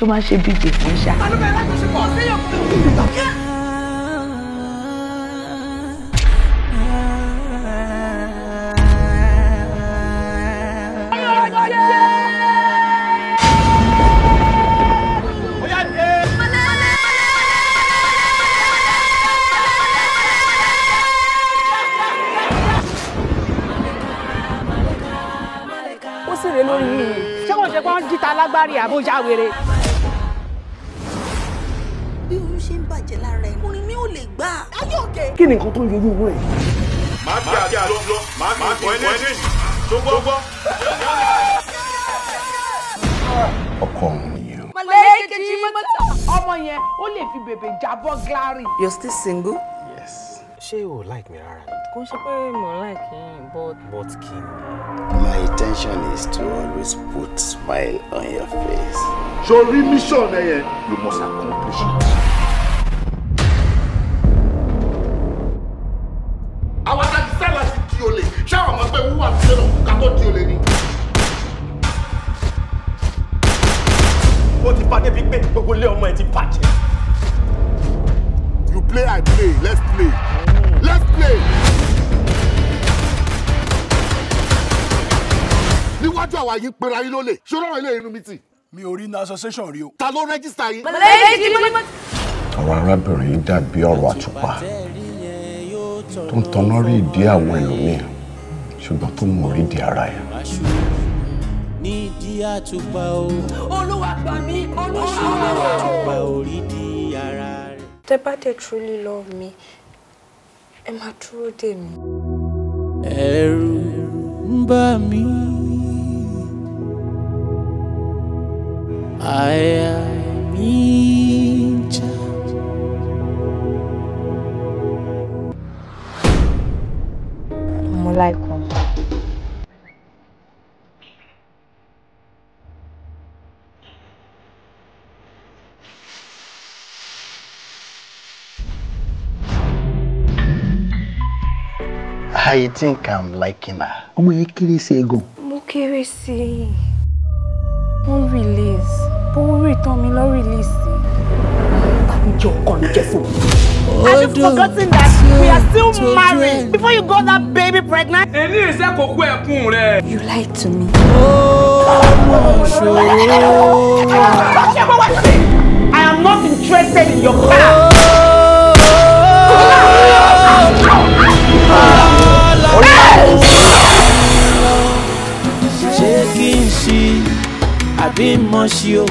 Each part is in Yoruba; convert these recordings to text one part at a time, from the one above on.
tó máa ṣe bí gbè fún ṣá. ṣé kò ṣe pé wọ́n dìta lágbárí àbójà kí ni nǹkan tó ń yọjú owó ẹ̀. màá fi àjà lọ màá fi ìtàn ẹlẹ́sìn tó gbọ́. ọkọ òun nìyẹn. mọ̀lẹ́kẹ̀jì mọ́tò ọmọ yẹn ó lè fi bèbè jábọ́ glari. you're still single. yes. ṣé o like mi rárá ni. kò ṣe pé mo like yín but. but kí ni. my intention is to always put smile on your face. sori mission ẹ yẹn you must accomplish it. gbogbo ilé ọmọ ẹ ti bàjẹ́. you play i play let's play let's play. níwájú àwa yìí ń pera yín lólè ṣòro àwọn ilé inú mi tì. mi ò rí iná association rí o. ta ló rẹ́gísítà yín. àwọn arábìnrin yìí dàbí ọ̀rọ̀ àtùpà tó ń tanná rí ìdí àwọn ẹlòmíì ṣùgbọ́n tó mú orí di ara ẹ̀ àtùpà o. olúwa gbà mí olùṣọ́ mi. àtùpà ò di ara rẹ̀. tẹ bá dé truly love me ẹ máa dúró dè mí. ẹ̀rù ń bà mí. àyà mi ń jà. mo Like I think I'm liking her. How many kéré ago? ẹ gan. Don't kéré sí i. Wọ́n release. Bó ń rí tán mi lọ release. Tàbí jẹ́ ọkọ mi jẹ́ fún mi. Have you forgotten that we are still married before you got that baby pregnant? Ẹni ìṣe kò kú ẹkún rẹ. You lied to me. I am not interested in your car ṣé kí n ṣí àbí mọ ṣí o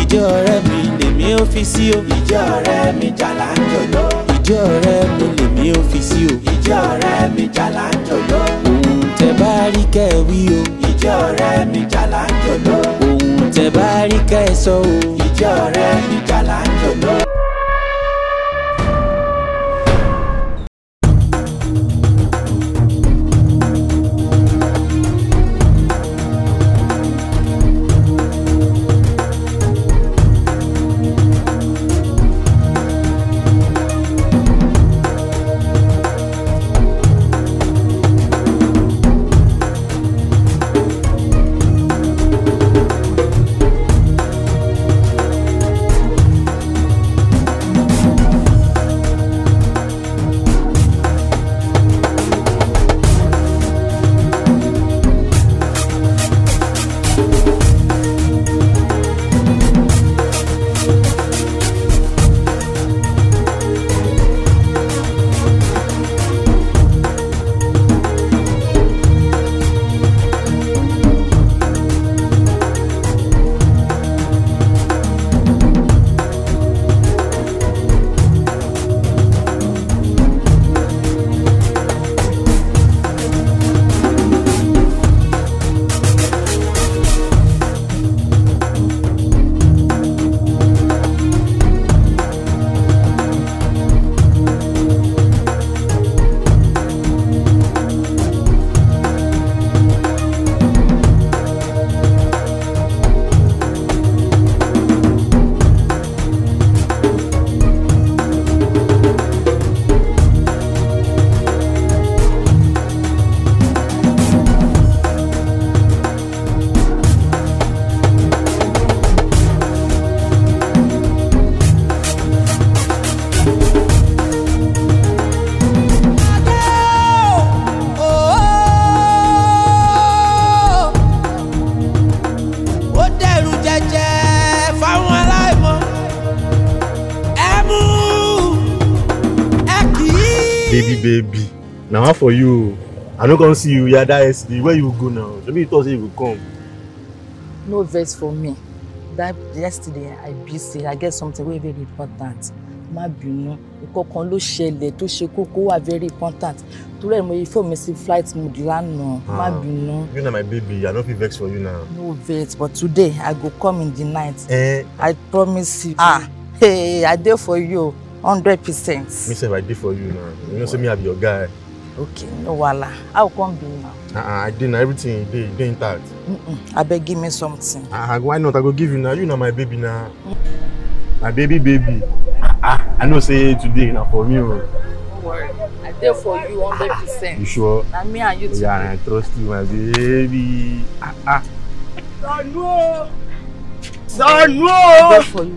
ìjọ ọ̀rẹ́ mi lèmi ò fi sí o ìjọ ọ̀rẹ́ mi jàlá ń jòló ìjọ ọ̀rẹ́ mi lèmi ò fi sí o ìjọ ọ̀rẹ́ mi jàlá ń jòló ohun tẹ bá rí kẹ o ìjọ ọ̀rẹ́ mi jàlá ń jòló ohun tẹ bá rí kẹ o ìjọ ọ̀rẹ́ mi jàlá ń jòló. baby baby na one for you i no come see you yada yesterday where you go now Maybe you talk say you go come. no vex for me that yesterday i busy i get something wey very important má bínú ìkọ̀kan ló ṣẹlẹ̀ tó ṣe kókó wà very important torí ẹ̀ mo yí fóònù mi sí flight mode lánàá má ah. bínú. you na my baby i no fit vex for you now. no vex but today i go come in the night. Eh. i promise you. ah hey, i dey for you hundred percent. me say i did for you now you know say me have your guy. okay no wahala how come be now. Uh -uh, i dey na everything dey dey intact. Mm -mm, beg give me something. Uh -uh, why not i go give you now. you know my baby now. my baby baby ah i know say today now for me o. Oh. no worry i did for you hundred percent. you sure. na me and you today. yeah i trust you my baby. ah ah. I know. know. sanu o sanu o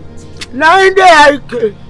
na I can.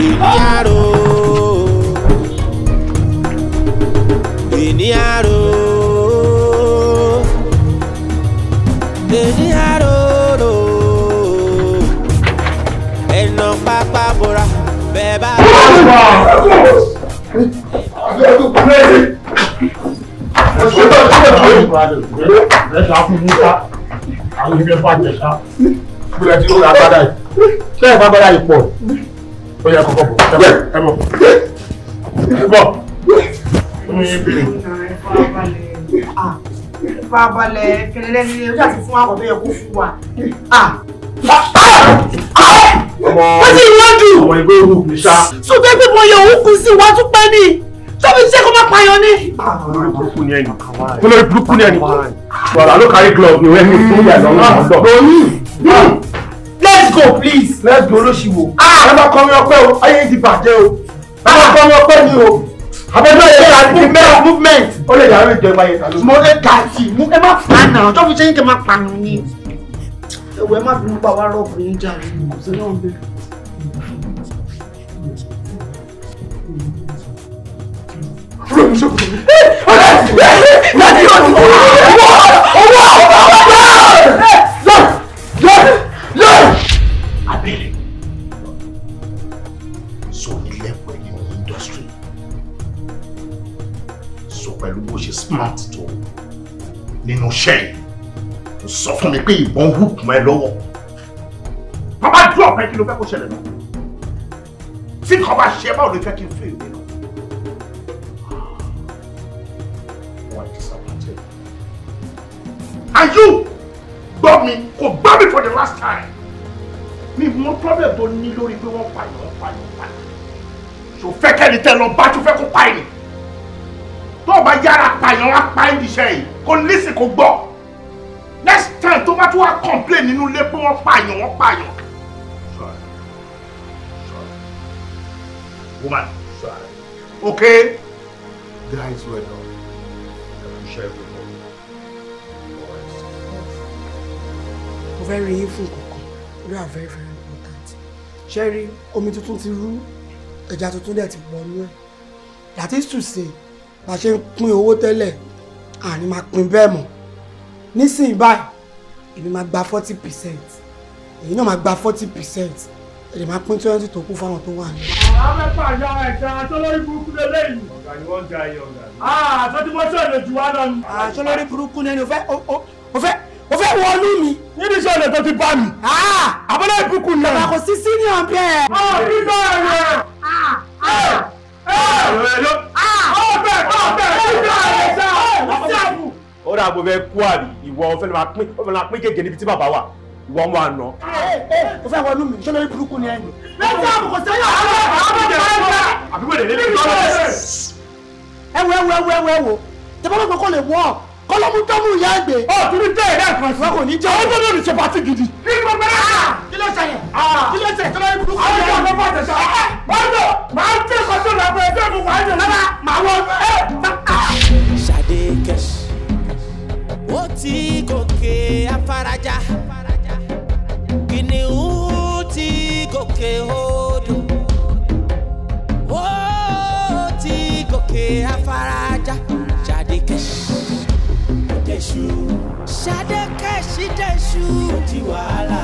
biniaro biniaro biniaro ẹnà pápá bora bẹ́ẹ̀ bá. Àwọn ìgbẹ́ bàjẹ́ tí ó ra bàdá yìí. Ṣé ìfọ̀bàdá yìí pọ̀? ó yẹ kọ́kọ́ bọ̀ ẹ bọ̀ ẹ bọ̀ ẹ bọ̀ ó ní bìrì. farabalẹ̀ kẹlẹ́lẹ́ nílé ojú àti fún àwọn tó yẹ kó fún wa. wọ́n ah. ti wọ́n jù. ọmọ ìgbé ewu kì í ṣá. sùgbẹ́ pé mo yẹ òun kù sí wa tún pẹ́ ni tóbi ṣe kó má payọ ní. olórí burúkú ni ẹni olórí burúkú ni ẹni wàhálà ló kárí glove ni ẹni tó yà lọ́wọ́ ah, ọ̀dọ́ let's go please. let's go olóṣìwò. ẹ máa kọrin ọpẹ́ o ayé ti bàjẹ́ o ẹ máa kọrin ọpẹ́ ni o. àbẹ̀bẹ̀ yẹn ká ní mẹ́rin movement. ó lè yàrá ìjọba yẹn tàbí. mo lè ga sí i ẹ má pa náà tó fi ṣe ń kẹ́ máa pa nù ni. ẹ̀wọ̀ ẹ má fi mú bàbá rọ̀bù yín jà ní ìgbésẹ̀ náà bẹ́ẹ̀. Ọ̀rẹ́ mi ṣe kò tó. Ọ̀rẹ́ mi ṣe kò tó. pé ìbọn hook mọ́ ẹ lọ́wọ́ bàbá dúró ọ̀pẹ kí ló fẹ́ kó ṣẹlẹ̀ náà tí nǹkan bá ṣe báwo ló fẹ́ kí n fún ìwé náà. wọ́n ti gbọ́ mi kò gbọ́ mi for the last time mi mọ problem tó ní lórí pé wọ́n pààyàn wọ́n pààyàn pààyàn ṣò fẹ́ kẹ́ni tẹ́ lọ bá tó fẹ́ kó pààyàn tó o bá yára pààyàn wá pààyàn iṣẹ́ yìí kò lísì kò gbọ́ wá complain nínú ilé pé wọ́n pààyàn wọ́n pààyàn. sorry sorry woman sorry okay guys well done appreciate everybody. mo fẹ́ rí yín fún kankan you are very very important ṣe rí omi tuntun ti rú ẹja tuntun dẹ̀ ti wọnú ẹ̀ that is to say bá a ṣe ń pín owó tẹ́lẹ̀ àní máa pín bẹ́ẹ̀ mọ́ nísìnyí báyìí èmi máa gba forty percent èyí náà máa gba forty percent èdè máa pín twenty tó kú fáwọn tó wà ní. àwọn mẹ́fà ya ẹ̀ka tó lórí burúkú lé lẹ́yìn. ọ̀gá ni wọ́n ń ja iye ọ̀gá. àtọ́júmọ́sọ̀ lè jù wá lọ ni. àṣọ lórí burúkú lẹ́nu o fẹ́ wọnú mi. níbi iṣẹ́ ọ̀nà tó ti bá mi. àbọ̀lẹ̀ ìbùkún náà. bàbá kò sí senior bẹ́ẹ̀. ọ̀ nígbà rẹ̀. ẹ ẹ ẹ ọ bẹ́ẹ̀ ọ bẹ́ẹ̀ nígbà rẹ̀ sá ó dà bó fẹ́ kú àrí ìwọ ó fẹ́ lọ máa pín ó máa pín kéèké níbi tí bàbá wà ìwọ wọn àná. ó fẹ́ wọnú mi ṣọlá burúkú ni ẹ̀yìn. lẹ́sẹ̀ àbùkù sẹ́yìn àwọn ọmọ ọmọ ọmọ àbíwò lè lélẹ̀ lọ́wọ́. ẹwọ ẹwọ ẹwọ ẹwọ ẹwọ tẹmọ́lọ́gbọ̀n kò lè wọ́ kọ́lọ́mú tọ́mú ìyá ah! ah! eh, eh, ẹgbẹ́. ọ tí tẹ ẹ̀rẹ́ náà ní ṣe pàtì ó ti gòkè afárájà kìnìún ti gòkè odò ó ti gòkè afárájà ṣàdékẹ́sì dẹ̀ṣù ṣàdékẹ́sì dẹ̀ṣù ó di wàhálà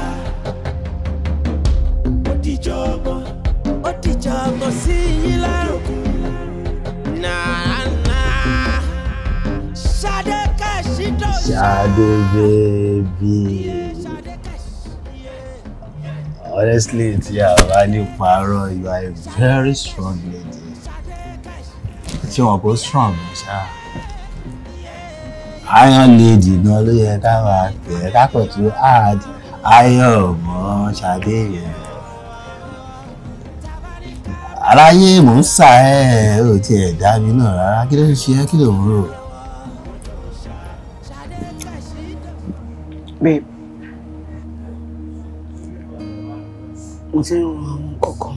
ó di jọgbọ́n. Sade baby. Honestly, tí a bá ní you are a very strong lady. Tí wọn go strong mọ́ ṣá. Iron lady no ló yẹ ká máa pè é kápẹ̀ tó add iron mọ́ Sade yẹn. Aláyé mò ń sà ẹ́ ò tiẹ̀ dá mi náà rárá kí ló ń ṣe ẹ́ kí ló ń rò. babe mo ti ń ran àwọn kọ̀ọ̀kan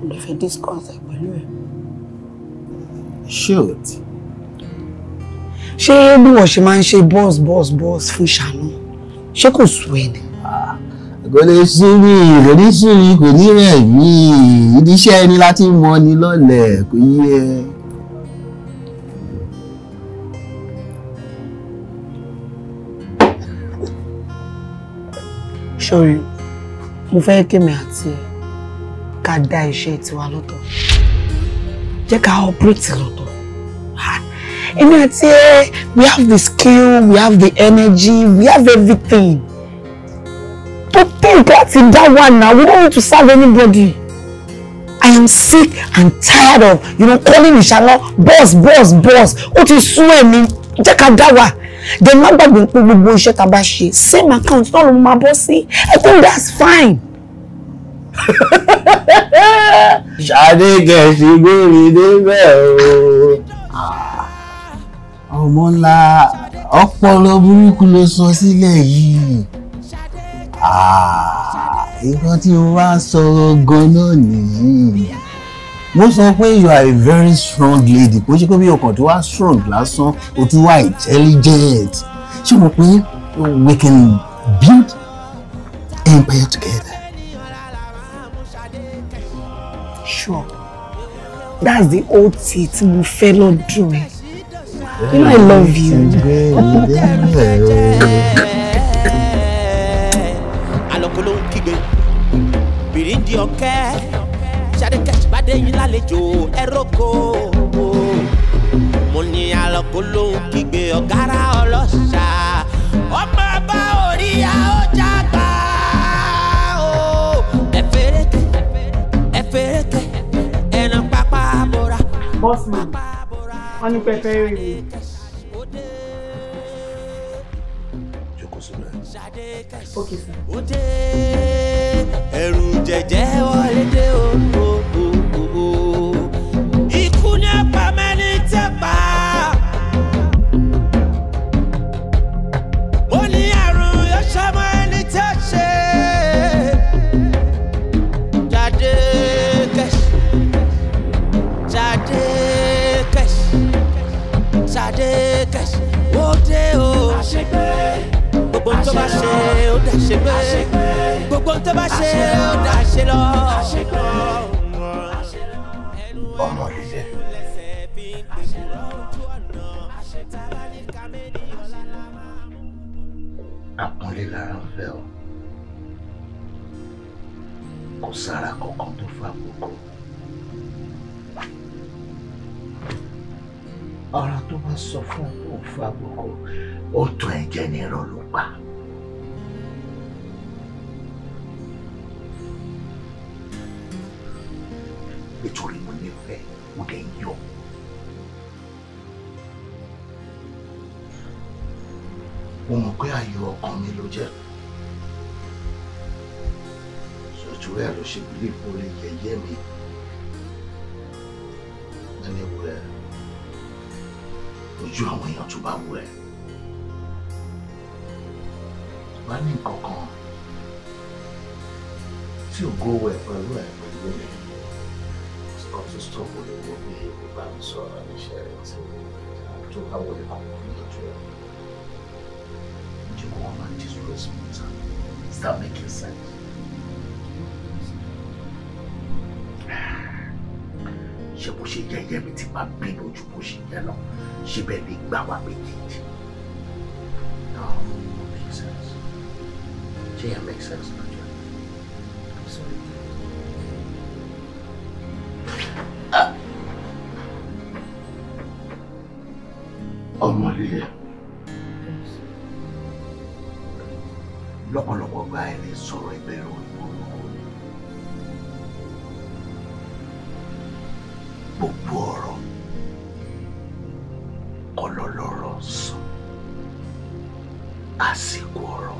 mo lè fẹ́ discuss ẹ̀ pẹ̀lú ẹ̀. shoot. ṣé bí wọ́n ṣe máa ń ṣe boss boss boss fún ṣàánú ṣé kò sùn ẹ̀ ni. Ah, kò lè sinmi kò ní sinmi kò ní rẹ̀ mí ìdíṣẹ́ ẹni láti mọ ni lọ́lẹ̀ kò yí ẹ. Sorry, mo fẹ́ kémi àti ká dá iṣẹ́ tiwa lọ́tọ̀ jẹ́ ká operate lọ́tọ̀ èmi àti ẹ we have the skill we have the energy we have everything to think láti dá wà náà we don't need to serve anybody. I am sick and tired of, you know, calling Inshallah, boss, boss, boss. Ó ti sú èmi jẹ́ ká dá wa jẹ́ má gbàgbé pé gbogbo iṣẹ́ tá bá ṣe same account náà ló máa bọ́ sí I think that's fine. ṣáde gẹ̀ẹ́sì gbòòrì débẹ̀ o ah, ọmọ ńlá ọpọlọ burúkú ló sọ sílẹ̀ yìí ah, nǹkan tí mo bá sọ̀rọ̀ gan-an nìyí mo sọ pé you are a very strong lady kò ṣe pé bí ọkàn tó wá strong lásán o tún wá intelligent ṣé mo pé we can build empire together. sure that's the old tea tí mo fẹ́ lọ́dún ẹ̀ you know I love you. àlọ́kọ́ ló ń kígbe bìrìndì dé yín lálejò ẹrókò mo ní àlọ́kò kígbe ọ̀gára ọlọ́ṣà ọmọ bá orí àọ́jà ó. ẹ̀fẹ̀rẹ̀kẹ̀ ẹ̀fẹ̀rẹ̀kẹ̀ ẹ̀nà pápá bora. bọ́sì mi wọ́n ní pẹ́pẹ́ rẹ̀ mi. jókòó síbẹ̀. ókè sir. ẹrù jẹjẹ wọlé dé òkòkò. ohun tó bá ṣe ó dá ṣe lọ. ọmọ lílẹ. àpọ́nlé lára ń fẹ́ ọ kò sára kankan tó fa àkókò. ọ̀rọ̀ tó bá sọ fún ọ fa àkókò ó tún ẹ̀jẹ̀ ní ló pa. nítorí mo nífẹ̀ẹ́ mo dẹ̀ yọ̀. mo mọ̀ pé ayọ̀ ọkàn mi ló jẹ́ ṣòtúrẹ́ ló ṣe bílí kó lè yẹ̀yẹ́ mi ẹni wù ẹ́ ojú àwọn èèyàn tó bá wù ẹ́ bá ní nǹkan kan tí ò gówó kan tó stop olè wo bí bá mi sọ̀rọ̀ níṣẹ́ rẹ̀ tí tó bá wọlé bá mi kú lójú Ǹjẹ́ kò wọ́n máa ń disgrace me sir? Is that making sense? ṣe bó ṣe jẹ́ yẹ́mi tí máa bínú ju bó ṣe jẹ́ lọ ṣe bẹ́ẹ̀ ni gbà wá méjèèjì. sense. Ṣé yẹn make sense I'm sorry. ọmọ líle lọ́pọ̀lọpọ̀ gba ẹni sọ̀rọ̀ ìbẹ̀rù ìgbòho gbogbo ọ̀rọ̀ ọlọ́lọ́rọ̀ sọ àsìkò ọ̀rọ̀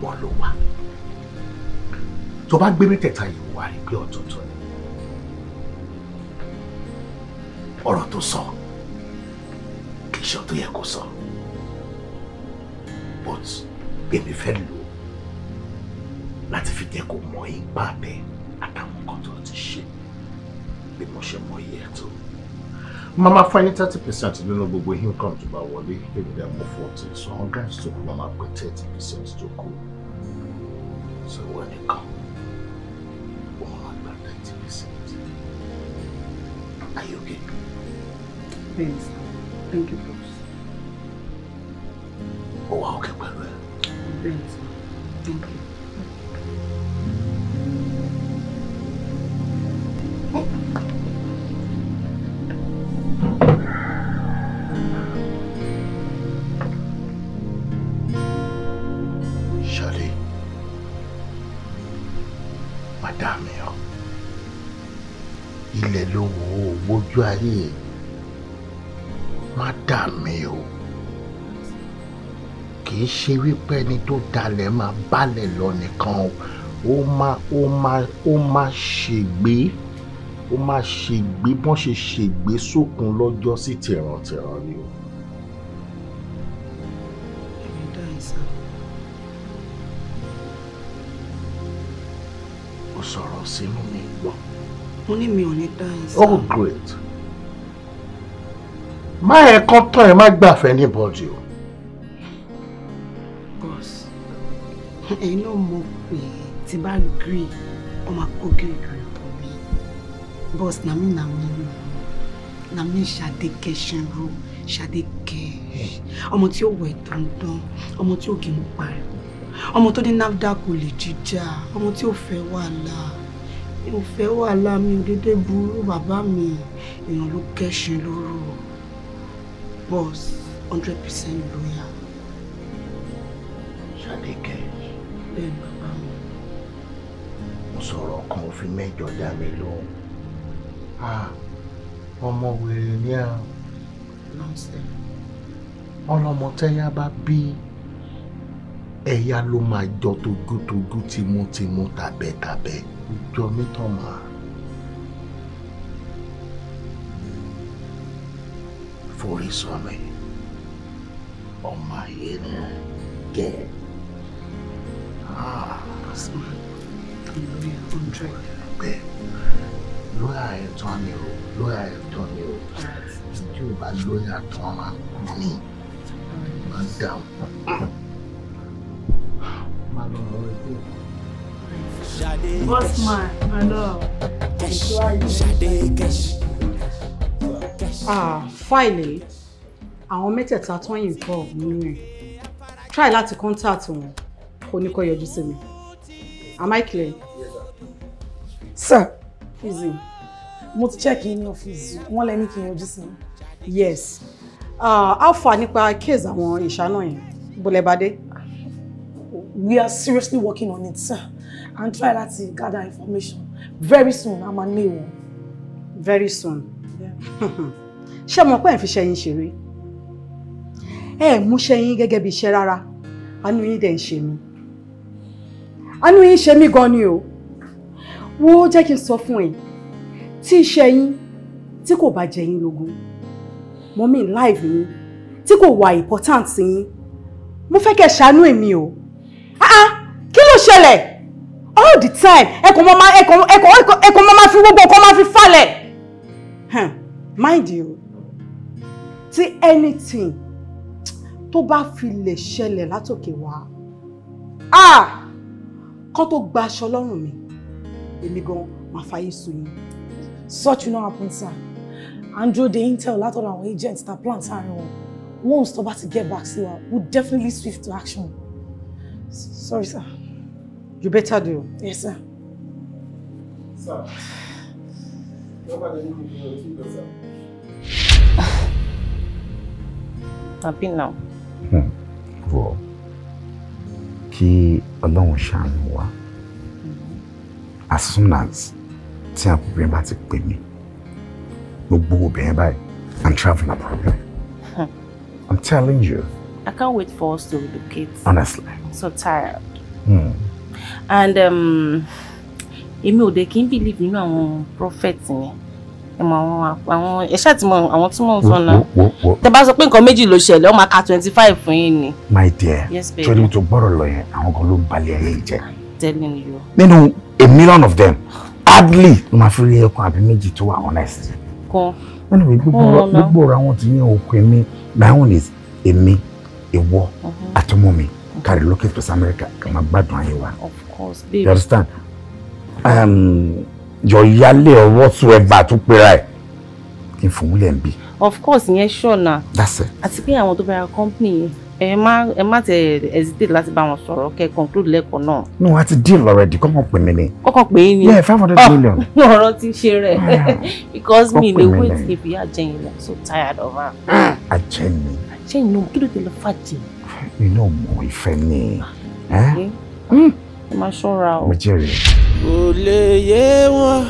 wọn ló wà tó bá gbé mẹ́tẹ̀ẹ̀ta yìí wà rí pé ọ̀tọ̀ọ̀tọ̀ ni ọ̀rọ̀ tó sọ. So information tó yẹ kó sọ but èmi fẹ́ lò ó láti fi jẹ́ kó mọ ipa bẹ́ẹ̀ àtàwọn nǹkan tó ti ṣe bí mo ṣe mọ iye tó. mama fún ẹni thirty percent nínú gbogbo income tó bá wọlé èmi dẹ̀ mú forty so àwọn guys tó kù mama pé thirty percent tó kù so wọ́n nìkan wọ́n máa gba thirty percent. Are you okay? Thanks. Thank you ó wà òkè pẹ̀lú ẹ̀. Ṣadé, madame ilẹ̀ ló wò ó gbójú ayé yìí. ṣe wípé ẹni tó dalẹ̀ máa balẹ̀ lọ nìkan o ó máa ó máa ó máa ṣègbé ó máa ṣègbé bọ́n ṣe ṣègbé sókun lọ́jọ́ sí tìrantìran ni o. ó sọ̀rọ̀ sínú mi gbọ́. mo ní mi ò ní dá ẹ sá. oh great má ẹ kán tán ẹ má gbàfẹ́ ní o. ẹ̀yin náà mọ̀ pé tí bá gírí ọmọ kó gírí gírí bọ̀ mí bọ́s nàmí nàmí nàmí ṣàdékẹ́ ṣẹ́rú ṣàdékẹ́ ọmọ tí ó wẹ̀ dandan ọmọ tí ó kì í pariwo ọmọ tó ní nafdac kò lè jíjà ọmọ tí ò fẹ́ wàhálà ò fẹ́ wàhálà mi ò dédé burú bàbá mi èèyàn ló kẹ́sìn lóró bọ́s hundred percent lóyà. bẹ́ẹ̀ bàbá mi. mo sọ̀rọ̀ kan fi mẹ́jọ dá mi lóhùn ọmọ wèrè ni à ọlọ́mọ tẹ́yà bá bí ẹ̀yà ló máa jọ tójútójú tìmùtìmù tàbẹ́tàbẹ́ jọ mí tán máa. forí sọmi ọmọ ayé ni kẹ́ẹ̀ asthma pneumonia hundred. bẹ́ẹ̀ lóyà ẹ̀ tán ni o lóyà ẹ̀ tán ni o tí o bá lóyà tán máa ń kú ni máa ń dààmú. máa lọ rọ ẹgbẹ́ kan. Bossman, my Ah, fáìlì àwọn mẹ́tẹ̀ẹ̀ta tó ń nínú ẹ̀. Try láti contact wọn, kò ní kó yọjú sí mi. Am I clear? Yes, sir. Sir, easy. Mo ti check in ní ọ́fíìsì, wọ́n lẹ́ni kí n yọjú sí mi. Yes. Ah, how far nípa case àwọn ìṣáná yẹn? Bọ̀lẹ̀bàdé. We are seriously working on it, sir, and try to gather information. Very soon, I'm a new one. Very soon. Ṣé mo pẹ́ ń fi ṣẹyìn ṣeré? Ẹ mú ṣẹyìn gẹ́gẹ́ bí iṣẹ́ rárá, àánú yín dẹ̀ ń ṣe mí àánú yín ṣe mí gan ni o wo jẹ́ kí n sọ fún ẹ tí iṣẹ́ yín tí kò bá jẹ yín lógún mo mean life yín tí kò wà important yín mo fẹ́ kẹ́ ṣàánú èmi o ah ah kí ló ṣẹlẹ̀ all the time ẹ kò mọ ẹ kò ẹ kò ẹ kò mọ máa fi gbogbo ọkọ máa fi falẹ̀ mind you tí anything tó bá fi lè ṣẹlẹ̀ látòkè wá ah kán tó gba aṣọ lọ́rùn mi èmi gan máa fàyè sùn yín. such no happen sir andrew de intel látọ̀dọ̀ àwọn agent ta plan sáàrin wọn once tó bá ti get back sí we we'll definitely swift to action sorry sir. you better do. yes sir. sir nobody need to know you sir. happy now. Hmm. Cool kí ọlọ́run ṣàánú wa as soon as tí àkùnrin bá ti pè mí gbogbo obìnrin báyìí i'm traveling abroad i'm telling you. I can't wait for us to relocate. Honestly. I'm so tired. Mm. And um, èmi ò dé kí believe nínú àwọn prophet yẹn ẹ mọ àwọn àwọn ẹṣẹ àti mọ àwọn tí mò ń sọ náà tẹ bá sọ pé nǹkan méjì ló ṣẹlẹ̀ ó máa ka twenty five fún yín ni. my dear torí mo tó gbọ́rọ̀ lọ yẹn àwọn kan ló ń balẹ̀ ayé jẹ́ nínú a million of them hardly ló máa fi rí ẹkùn àbí méjì tó wà honest. kan nínú gbogbo ọ̀rọ̀ àwọn tí yẹn òkú mi my own is èmi ìwọ mm-hmm. àtọmọ mi mm-hmm. ká relocate to America ká máa gbádùn ayé wa. of course babe you understand. Um, jọ yálé ọwọ́ tún ẹgbà tún pera ẹ̀ kí n fòun lẹ̀ ń na. That's it. Ati pe àti pé be a company yẹn ẹ má ẹ má tẹ hesitate láti bá wọn sọ̀rọ̀ kẹ́ conclude lẹ́kọ̀ọ́ náà. no a ti deal already Come up with me. kọ́kàn pè é ni. yeah five hundred million. ọ̀rọ̀ ti ṣe rẹ̀ ah, because me, lè wait if ìyá àjẹyìn I'm so tired of her. àjẹyìn. àjẹyìn náà kí ló ti lọ You know mọ̀ ìfẹ́ ni. Ah, eh? hmm? ẹ má ṣọ́ra o. mo jẹ́rìí kò lè yé wọn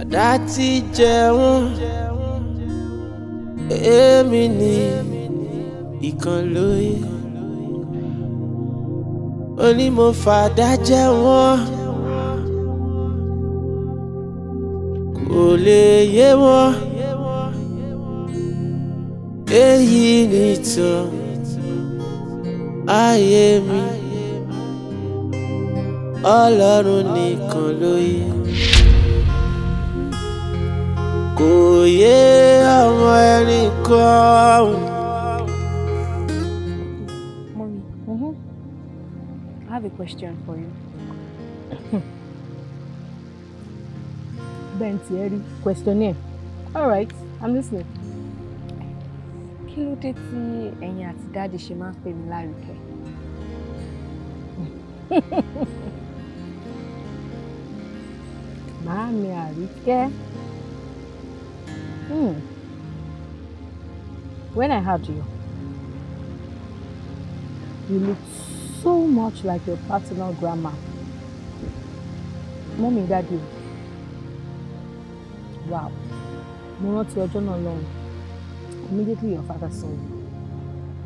àdá ti jẹ wọn èmi ni ìkan lóye ó mo fàdá jẹ wọn kò lè yé wọn èyí nìtàn ayé mi. Ayé ọlọ́run nìkan ló kò yé ọmọ ẹni kan. Mm-hmm. I have a question for you. Ben Thierry, questionnaire. All right, I'm listening. Kí ló dé tí ẹ̀yin àti dáàdì ṣe máa ń pè mí Lárúkẹ́? màámi Àríkẹ́. Hmm. When I had you, you looked so much like your paternal grandma. Mọ́mí dáàdi o. Wow. Mo rántí ọjọ́ náà lọ́rùn. Immediately your father saw you.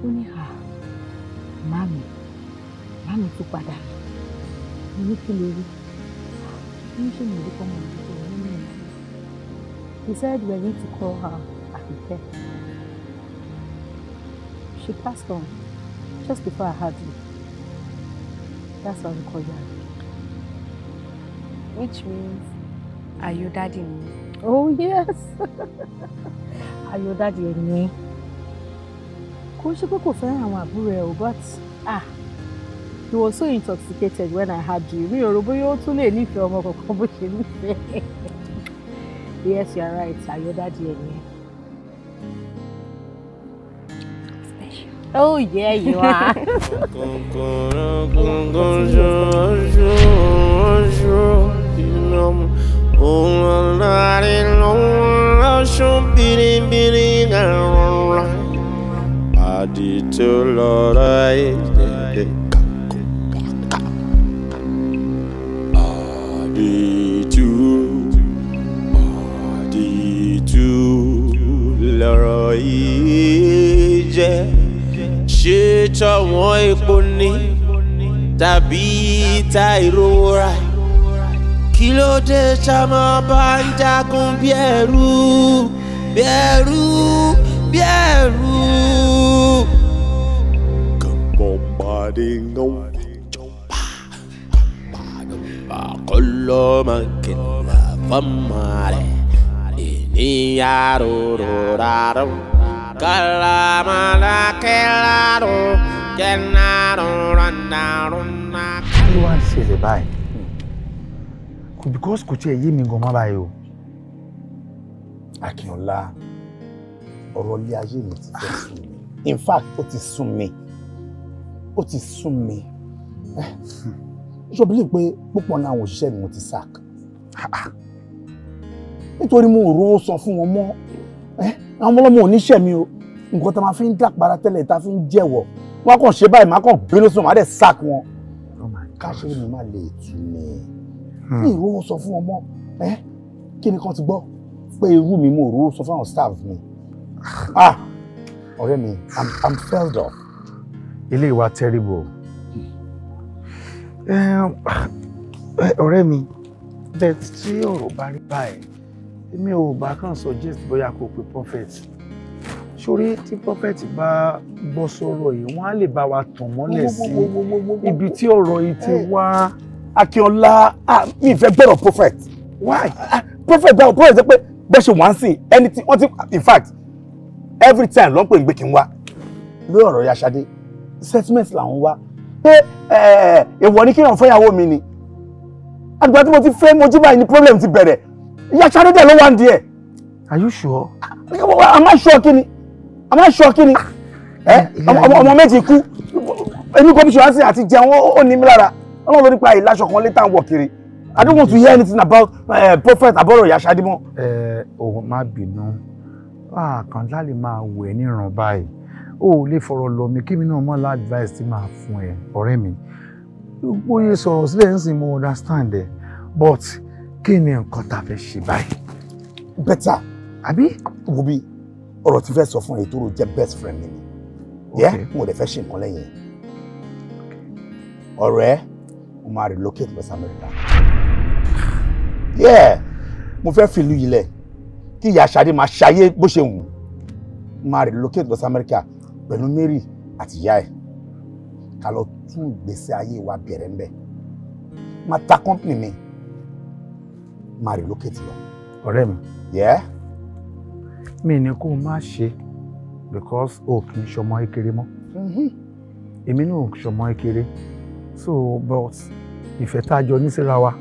Ó ní à, ah, màámi, màámi tún padà. Mo ní kí lè rí finishing medical manager in England. He said we're going to call her Akike. She passed on just before I had you. That's why we call you Akike. Which means, are you daddy me? Oh, yes. are you daddy me? Kò ṣe pé kò fẹ́ràn àwọn àbúrò ẹ̀ but ah he was so intoxicated when I had you mi ò rò bóyá ó tún lè nífẹ̀ẹ́ ọmọ kankan bó ṣe nífẹ̀ẹ́ yes you are right ayọ̀dájú ẹ̀ yẹn. Oh yeah, you are. Aditulọ̀rọ̀ ayé. yìí jẹ́ ṣé tọ̀wọ́n epo ni tàbí ta ìrora kí ló dé tá máa bá ń jagun bí ẹrú bí ẹrú bí ẹrú. kàmbọ̀nbàdé ngọ́n jọba àpàdùnbà kọ́lọ́mà kìlà fọ́mà rẹ̀. Iarururaru Kalamalakelaru Jẹnarunrandarunna. Kí ló wá ń ṣe ṣe báyìí? Kò hmm. bíkọ́sì kò tiẹ̀ yé mi gan mọ́ báyìí o. Akínọlá ti fẹ́ sùn In fact, ó ti sùn mi. Ó ti sùn mi. Eh. Ṣé o pe púpọ̀ náà àwọn òṣìṣẹ́ mo ti sack? nítorí mo rò ó sọ fún wọn mọ́ àwọn ọlọ́mọ oníṣẹ́ mi o nǹkan tá a máa fi ń dàpara tẹ́lẹ̀ tá a fi ń jẹ̀wọ̀ wọ́n kàn ṣe báyìí má kàn bínú sí wọn má dẹ̀ sack wọn. Oh káṣíwò ni má lè tù mí hmm. mi rò ó sọ fún wọn mọ́ kí ni kan ti gbọ́ pé irú mi mo rò ó sọ fún àwọn staff mi ah, ah! ọ̀rẹ́ mi i'm i'm felled up. ilé ìwà terrible ọ̀rẹ́ mi bẹ́ẹ̀ tí ọ̀rọ̀ bá rí báyìí èmi ò bá kàn suggest bóyá kò pe prophet sórí tí prophet bá bọ́ sọ̀rọ̀ yìí wọ́n á lè bá wa tàn mọ́lẹ̀ sí ibi tí ọ̀rọ̀ yìí ti wá. akínọlá mi ìfẹ́ gbọ́dọ̀ prophet why prophet báwo prophet sọ pé bó ṣe wá ń sìn anything wọ́n ti in fact every time ló ń pè ń gbé kí n wá lórí ọ̀rọ̀ yìí aṣáde settlement làwọn wá pé èèwọ̀ ni kí n fẹ́yàwó mi ni àgbà tí mo ti fẹ́ mojú báyìí ni problem ti bẹ̀rẹ̀ ìyá Ṣadé ló wà nídìí ẹ̀. are you sure. am I sure kí ni am I sure kí ni ọmọ méjì kú ẹni kò bí ṣe wá sí àti jẹun ó ní mi lára ọlọ́run ló nípa ìlàṣọ kan létà ń wọ̀ kiri I don't want to hear anything about uh, prophet abọ́rọ̀ ìyá Ṣadé mọ́. ẹ ò má bínú àkàn láti máa wẹ̀ níran báyìí o ò lè fọ̀rọ̀ lọ mi kí mi náà mọ̀ lá advice tí màá fún ẹ ọ̀rẹ́ mi bóyá sọ̀rọ̀ sílẹ̀ ń mo understand ẹ but kí ni nǹkan tá a fẹ́ ṣe báyìí. bẹ́tà àbí wo bí ọ̀rọ̀ tí fẹ́ sọ fún ètò rò jẹ́ best friend mi ni yẹ mo lè fẹ́ ṣe nǹkan lẹ́yìn ọ̀rẹ́ mo máa relocate west America yẹ mo fẹ́ fi ìlú yìí lẹ̀ kí ìyá Ṣadé máa ṣayé bó ṣe wù máa relocate west America pẹ̀lú Mary àti ìyá ẹ̀ ká lọ tún ìgbésí ayé wa bẹ̀rẹ̀ ńbẹ̀ máa ta company mi máa relocate lọ. ọ̀rẹ́ mi. yẹ́. mi ni kó o má ṣe because o kì í ṣọmọ ékeré mọ́. Mm-hmm. èmi náà ò ṣọmọ ékeré so but ìfẹ́ tá a jọ ní síra wa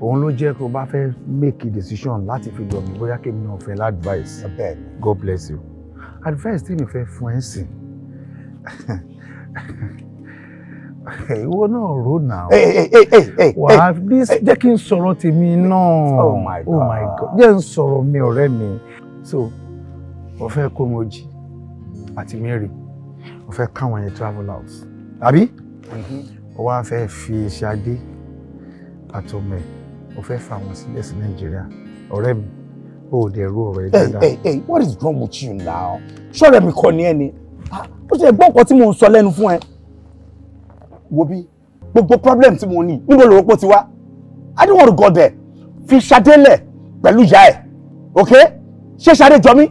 òun ló jẹ́ kó o bá fẹ́ make a decision láti fi lọ mi bóyá kémi náà fẹ́ ládvice. bẹ́ẹ̀ ni God bless you. advice tí mi fẹ́ fún ẹ sìn. ìwọ náà rò náà wàá jẹ́ kí n sọ̀rọ̀ tèmi náà oh my oh god jẹ́ n sọ̀rọ̀ mi ọ̀rẹ́ mi so o fẹ́ kó mo jì àti Mary o fẹ́ káwọn yẹn travel out àbí mm-hmm. o wá fẹ́ fi Ṣadé àtọmọ ẹ̀ o fẹ́ fà wọ́n sílẹ̀ sí Nàìjíríà ọ̀rẹ́ mi o ò dẹ̀ rú ọ̀rọ̀ ẹ̀ dáadáa. hey hey what is wrong with you now ṣọ́ọ̀rẹ́ mi kọ́ ni ẹni ah, ó ṣe gbọ́ nǹkan tí mò ń sọ lẹ́nu fún ẹ wo bí gbogbo problem tí mo ní níbo lòrò pò ti wá i don't want to go there fi ṣadé lẹ̀ pẹ̀lú ìyá ẹ̀ ok ṣé ṣadé jọ mí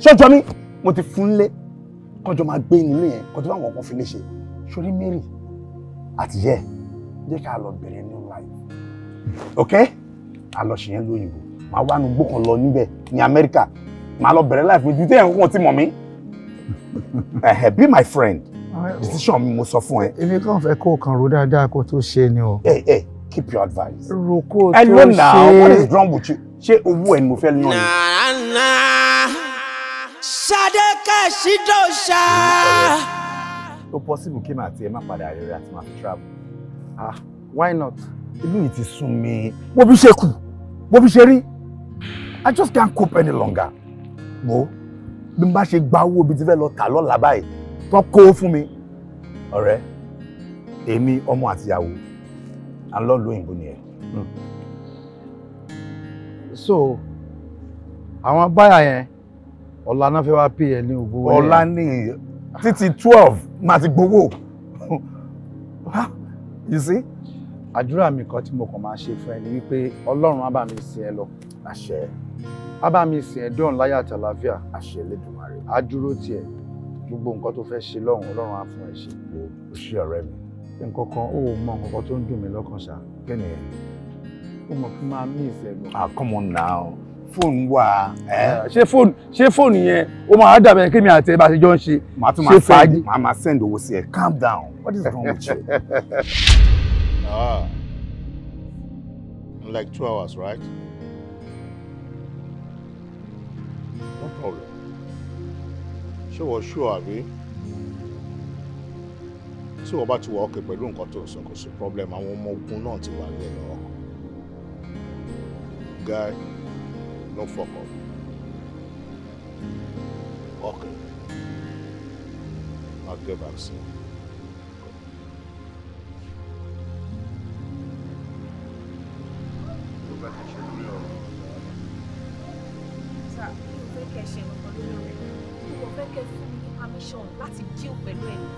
ṣó jọ mí mo ti fún lé kọjọ máa gbé nílé yẹn kọjọ máa wọ̀ kó fi lè ṣe sórí mary àti yẹ jẹ́ ká lọ bẹ̀rẹ̀ new life ok a lọ ṣèyẹn lóyìnbó màá wá nu gbókàn lọ níbẹ̀ ní amẹ́ríkà màá lọ bẹ̀rẹ̀ life mi ju tẹ́yẹ̀ ń wọ́n ti mọ̀ mí be my friend decision mi mo sọ fún ẹ. èmi kàn fẹ́ kó kan ro dáadáa kó tó ṣe ni o. ẹ ẹ keep your advice. ro kó tó ṣe. ẹ ló nà á what is wrong with you ṣé owó ẹ ni mo fẹ́ ná ni. nàánà ṣàdékà ṣídọ̀ṣà. ó possible kí màá tiẹ̀ má padà rẹ̀ àti màá fi travel. ah why not. ìlú yìí ti sún mi. mo bí ṣe kù mo bí ṣe rí i just can't cope any longer. wo bí n bá ṣe gba owó bíi ti fẹ́ lọ tà lọ́la báyìí tán kó fún mi ọ̀rẹ́ èmi ọmọ àtìyàwó alọ́ọ̀lù òyìnbó ni ẹ̀. Hmm. so àwọn báyà yẹn ọ̀la náà fẹ́ wá pè ẹ́ ní ògbó yẹn. ọ̀la ní títí twelve máa ti gbowó you see. àdúrà mi kan tí mo kàn máa ṣe fún ẹ ni wípé ọlọ́run á bá mi sìn ẹ́ lọ. àṣẹ. á bá mi sìn ẹ́ dán láyà àtàlàfíà. àṣẹ lẹ́dùnmarè. á dúró tiẹ̀ gbogbo nǹkan tó fẹ́ ṣe lọ́hùn ọlọ́run á fún ẹ ṣe. o ṣí ọ̀rẹ́ mi. nǹkan kan ó mọ nǹkan tó ń dùn mí lọ́kàn ṣá. kí ni ẹ. ó mọ̀ fún máa mí ìṣẹ́gun. ah come on now fóònù wà ẹ. Ah, ṣé fóònù ṣé fóònù yẹn ó máa dàbí ẹni kémi àti ẹ bá ṣe jọ ń ṣe. màá tún máa fàájì màá máa send owó sí ẹ calm down what is wrong with you. ah like two hours right. no problem ṣé wọ́n ṣú àbí tí wọ́n bá ti wà ọkẹ́ pẹ̀lú nǹkan tó ń sọ kò sí problem àwọn ọmọ ogun náà ti wà nílẹ̀ lọ́wọ́ guy no fuck up okay I'll get back soon.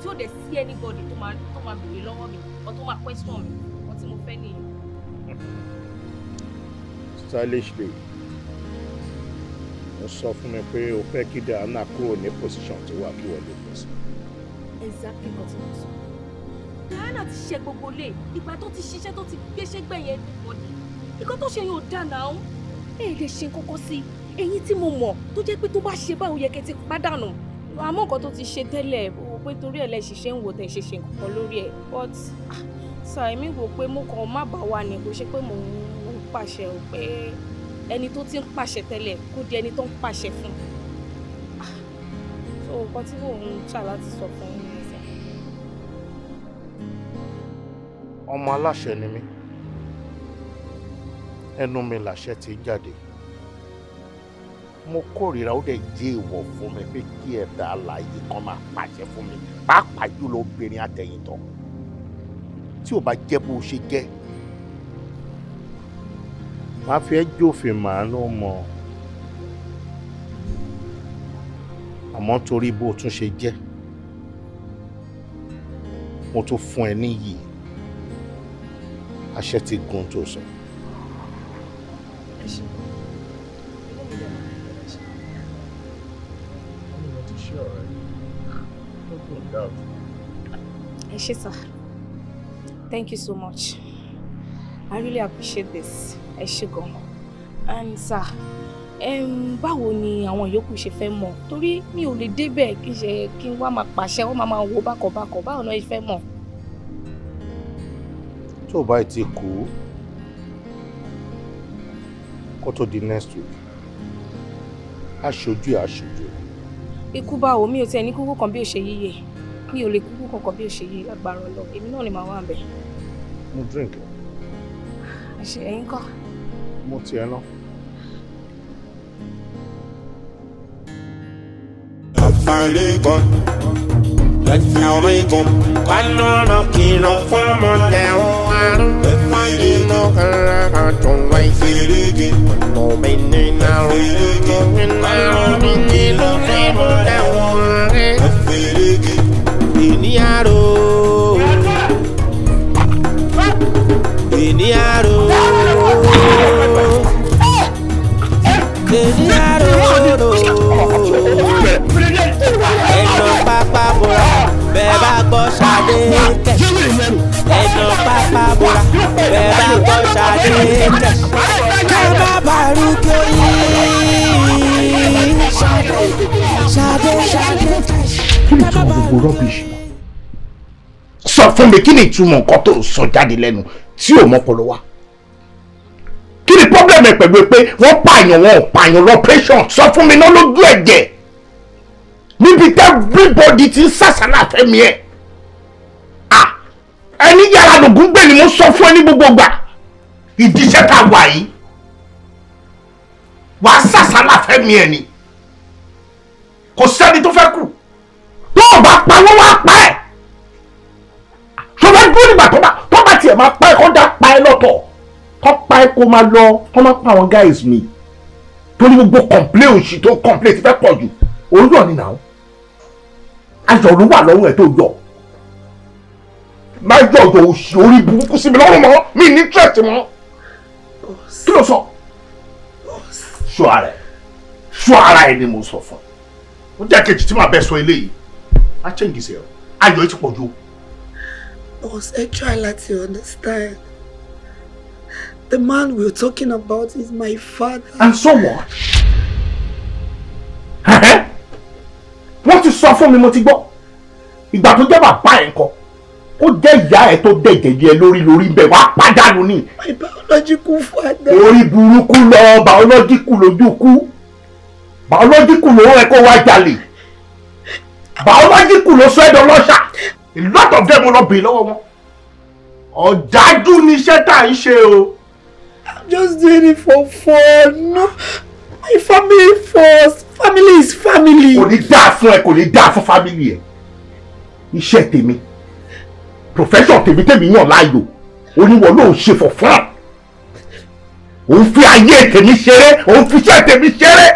tí ò dẹ̀ sí anybody tó máa tó máa béèrè lọ́wọ́ mi or tó máa question mi wọ́n tí mo fẹ́ nìyẹn. stylish lady ó sọ fún mi pé o fẹ́ kí Diana kúrò ní position tó wà kí wọ́n lè sí. exactly nǹkan tí mo sọ. Diana ti ṣe gbogbo lè ìgbà tó ti ṣiṣẹ́ tó ti gbéṣẹ́ gbẹ̀yẹ nìbọ̀dì nǹkan tó ṣe yóò dà náà ẹ lè ṣe kókó sí i èyí tí mo mọ̀ tó jẹ́ pé tó bá ṣe báwo yẹ kẹ́ ti pàdánù àmọ́ nǹkan tó ti ṣe tẹ́lẹ̀ o pé torí ẹ̀ lẹ́sìn ṣe ń wò tẹ̀ ṣe nǹkan lórí ẹ̀ but ah, sir èmi wò pé mo kàn má bá wà ní kò ṣe pé mò ń pàṣẹ ò pé ẹni tó ti ń pàṣẹ tẹ́lẹ̀ kó di ẹni tó ń pàṣẹ fún ah, so nǹkan tí mò ń ṣà láti sọ fún yín ọmọ aláṣẹ ni mí ẹnu mi làṣẹ ti jáde mo kórìíra ó dẹ̀ jẹ́ èèwọ̀ fún mi pé kí ẹ̀dá alààyè kan máa pàṣẹ fún mi pàápàá jùlọ obìnrin àtẹ̀yìntọ̀ tí ò bá jẹ́ bó ṣe jẹ́. má fi ẹ́ jófin màánú mọ́ àmọ́ torí bó tún ṣe jẹ́ mo tún fún ẹ níyì àṣẹ ti gun tó sọ. ẹ ṣeun. ẹ ṣé sir thank you so much i really appreciate this ẹ ṣé gan and sir um, báwo ni àwọn yoku ṣe fẹ́ mo. Tori mi o le débẹ̀ kí ṣe kí n wá máa pàṣẹ wọ́n máa máa wo bákọ̀bákọ̀ báwo náà ṣe fẹ́ mọ̀. tó o bá ti kú kó tó di next week aṣojú aṣojú ikú bá wo mi ò tiẹ̀ ní kúkú kan bí ò ṣe yíyẹ mi ò lè kúkú kankan bí ò ṣe yíyẹ agbára lọ èmi náà ni màá wà bẹ́ẹ̀. mo drink. àṣẹ ẹ̀yin kọ́. mo tiẹ̀ náà. عليكم السلام عليكم قالوا نكيل فمن دعوا it now, and I don't like it again. But no, baby, now it again. And I don't think it no favor that one. It again. In the auto. In the auto. In the auto. Ain't no papa boy. Beba boss. ṣadé tẹ̀ ẹ̀dùn pápá bora bẹ́ẹ̀ bá kọ́ ṣadé tẹ̀ ká má bàrú kéyí ṣadé ṣadé ṣadé tẹ̀ ká má bàrú kéyí. sọ fún mi kí ni ìtumọ̀ nǹkan tó ń sọ jáde lẹ́nu tí ò mọ́pọ̀lọ́ wa kí ni problem ẹ pẹ̀lú pé wọ́n pààyàn wọn ò pààyàn lọ́pẹ́ṣọ̀n sọ fún mi náà lójú ẹ̀jẹ̀ níbi tẹ́ everybody ti ń sàṣàlà fẹ́mi ẹ̀ ẹni yàrá lògùn gbé ni mo sọ fún ẹ ní gbogbo gbà ìdíṣẹ́ tá a wà yìí wàá sàsálà fẹ́ mi ẹ̀ ni kò sẹ́ni tó fẹ́ kù tó o bá pa wọ́n wá pa ẹ̀ tó bá dúró nígbà tó bá tó bá tiẹ̀ máa pa ẹ̀ kó dá pa ẹ̀ lọ́tọ̀ tó pa ẹ̀ kó máa lọ kó máa pa àwọn guys mi torí gbogbo complain òsì tó complain ti fẹ́ pọ̀ jù òun yọ̀ ni nàá ayọ̀ ló wà lọ́wọ́ ẹ̀ tó yọ̀ má jọ̀dọ̀ òṣì orí burúkú sí mi lọ́rùn mọ́ mi ní tírẹ̀tì mọ́ kí ló sọ ṣọ́ ara ẹ̀ ṣọ́ ara ẹ̀ ni mo sọ fún ọ jẹ́ kejì tí màá bẹ́ sọ eléyìí á chẹ́ǹgì sí ẹ ayọ̀ ti pọ̀ ju. boss ẹ try láti understand the man we were talking about is my father. and so what? wọ́n ti sọ fún mi mo ti gbọ́ ìgbà tó jẹ́ bàbá ẹ̀ kọ́ ó jẹ́ ìyá ẹ̀ tó dẹ̀jẹ̀ yẹ lórí lórí bẹ́ẹ̀ wá pàdánù ni. my biological father. orí burúkú lọ biological lójú kú biological ló rẹ kó wá jalè biological ló sọ ẹ̀dọ̀ lọ́ṣà a lot of lọ bèè lọ́wọ́ wọn ọ̀dájú ni iṣẹ́ tá à ń ṣe o. i'm just doing it for fun no my family first family is family. kò ní dáa fún ẹ kò ní dáa fún family ẹ iṣẹ́ tèmi profession tèmi tèmi yàn láàyò oníwọ̀ ló ń ṣe for fun òun fi ayé tèmi ṣeré òun fi iṣẹ́ tèmi ṣeré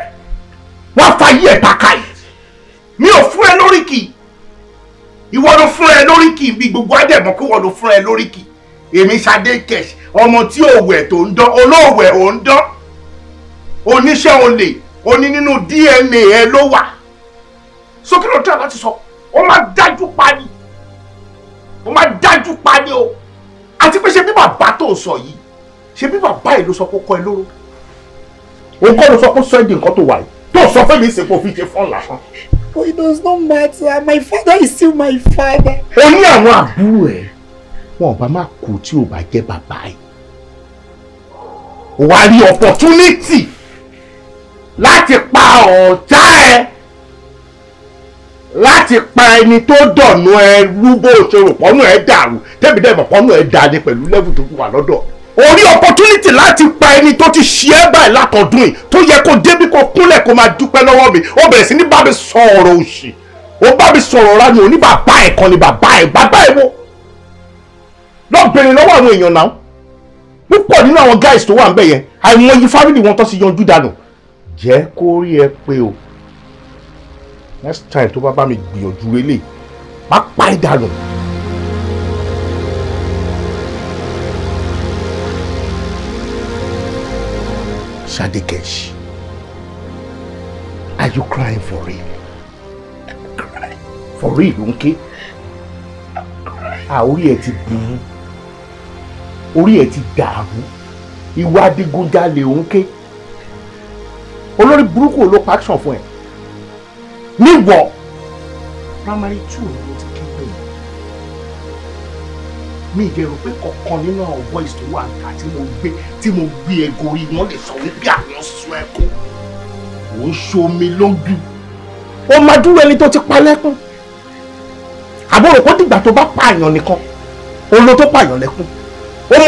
wọ́n fa ayé ẹ̀ta ka yìí mi ò fún ẹ lórí kì ìwọ ló fún ẹ lórí kì bí gbogbo àdẹ̀mọ́ kí wọ́n ló fún ẹ lórí kì èmi Ṣadé Kesh ọmọ tí òwẹ̀ tó ń dán olóòwẹ̀ ò ń dán oníṣẹ́ olè oní nínú DNA ẹ ló wà sókè ló dára láti sọ ó máa dájú pa mo máa dájú pa ni o àti pé ṣe bí bàbá tó sọ yìí ṣe bí bàbá yìí ló sọ pé kọ ẹ lóró òun kọ́ ló sọ pé sọ ẹ́ nǹkan tó wà yìí tó sọ fún mi ìsìnkú fi ṣe fún lásán. but it does not matter my father is still my father. o ní àwọn àbúrò ẹ wọn ò bá má kú tí ò bá jẹ bàbá yìí wàá rí opportunity láti pa ọ̀tá ẹ láti pa ẹni tó dọ̀nù ẹ rúbó òṣèrò pọ́nù ẹ dàrú tẹ́bi dẹ́ mọ̀ pọ́nù ẹ dà ní pẹ̀lú lẹ́bù tó wà lọ́dọ̀. orí opportunity láti pa ẹni tó ti ṣe ẹ́ báyìí látọ̀dún yìí tó yẹ kó débi kó kúnlẹ̀ kó máa dúpẹ́ lọ́wọ́ mi ó bẹ̀rẹ̀ sí ní bá mi sọ ọ̀rọ̀ òṣì ó bá mi sọ ọ̀rọ̀ ránù òní bàbá ẹ̀ kan ni bàbá ẹ̀ bàbá ẹ̀ wo. lọ́bìnrin lọ́wọ́ àwọn èèyàn náà púpọ̀ nínú àwọn guys tó wà ń bẹ̀ yẹn àìmọye family wọn tó ti yanjú dànù jẹ́ kó rí ẹ pé o next time tó bá bá mi gbìyànjú relé má pa ẹ̀ dànù. Shadekesh, are you crying for real? I'm crying. For real, Nké? I'm ah, crying. Àórí ẹ̀ ti dùn orí ẹ̀ ti dàrú ìwà adigunjalè Nké olórí burúkú ló pa action fún ẹ̀ níwọ̀ primary two ló ti ké pé mi ìdẹ̀rù pé kọ̀ọ̀kan nínú àwọn boys tó wà níta tí mo gbé tí mo gbé ẹ̀gọ́ rí wọ́n lè sọ wípé àwọn sun ẹkún ò ń ṣomi lójú ó máa dúró ẹni tó ti pa lẹ́kún àbúrò kó dìgbà tó bá pààyàn nìkan olo tó pààyàn lẹ́kún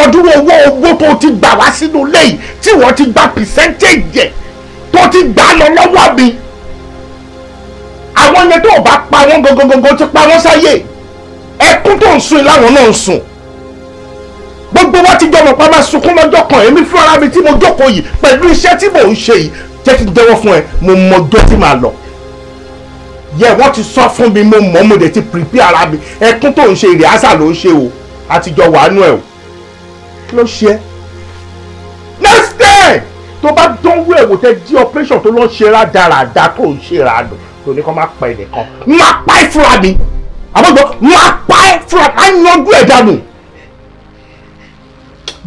ó dúró owó owó tó ti gbà wá sínú lẹ́yìn tí wọ́n ti gba percentage yẹ tó ti gbà lọ lọ́wọ́ mi àwọn yẹn tó o bá pa wọ́n gangan ti pa wọ́n sáyé ẹkún tó ń sun láwọn náà ń sùn gbogbo wa ti jọmọ pa máa sunkún lọ́jọ́ kan èmi fún ara mi tí mo jókòó yìí pẹ̀lú iṣẹ́ tí mò ń ṣe yìí jẹ́ kí n jẹ́wọ́ fún ẹ mo mọjọ́ tí màá lọ yẹ wọ́n ti sọ fún mi mo mọ̀ mo dẹ̀ ti pìrìpì ara mi ẹkún tó ń ṣe ìrìásà ló ń ṣe o àtijọ́ wàánú ẹ o ló ṣe next day tó bá dánwó ẹ̀wò tẹ di operation tó lọ ṣe rádaràda tó ń ṣe ràdùn tó ní kó má pa ẹnìkan mm. má pa ẹ fúnra mi àbọ̀gbọ́ má pa ẹ fúnra mi á yanjú ẹ̀ dànù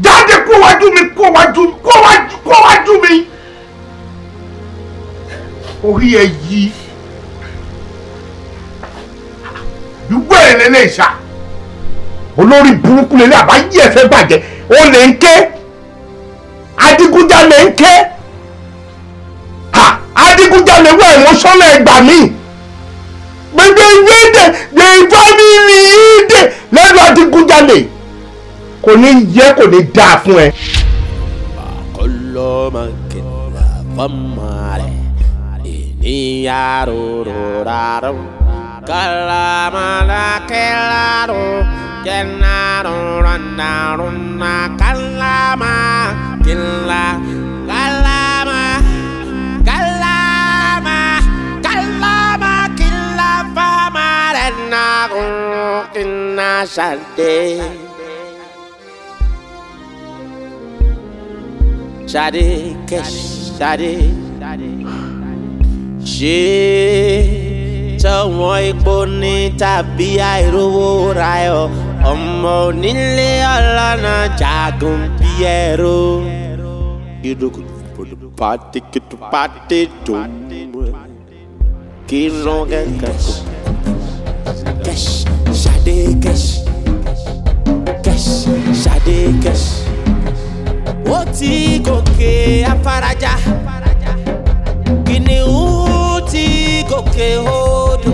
jáde kó wájú mi kó wájú kó wájú kó wájú mi orí ẹ yí ìdúgbò ẹ̀ lẹ́lẹ́ ìṣá olórí burúkú lẹ́lẹ́ àbáyé ẹ̀fẹ́ bàjẹ́ ó lè ń ké adigunjalè ń ké adigunjalè wọ ẹmọsọlẹ ẹgbà mi gbẹgbẹ wẹdẹ the family dé lẹ́nu adigunjalè kò ní yẹ kò ní dáa fún ẹ. àkọlọ́mọ kìlà fọ́mọ rẹ̀ ìníyàrá rárá kalamala kẹlaro kẹlaro randarunda kalama kila kala. كنا شادي شادي كش شادي شادي tọwọn ní jagun cash, Sade cash, cash, Sade cash. Ó ti gòkè afárájà, kìnìún ti gòkè odò.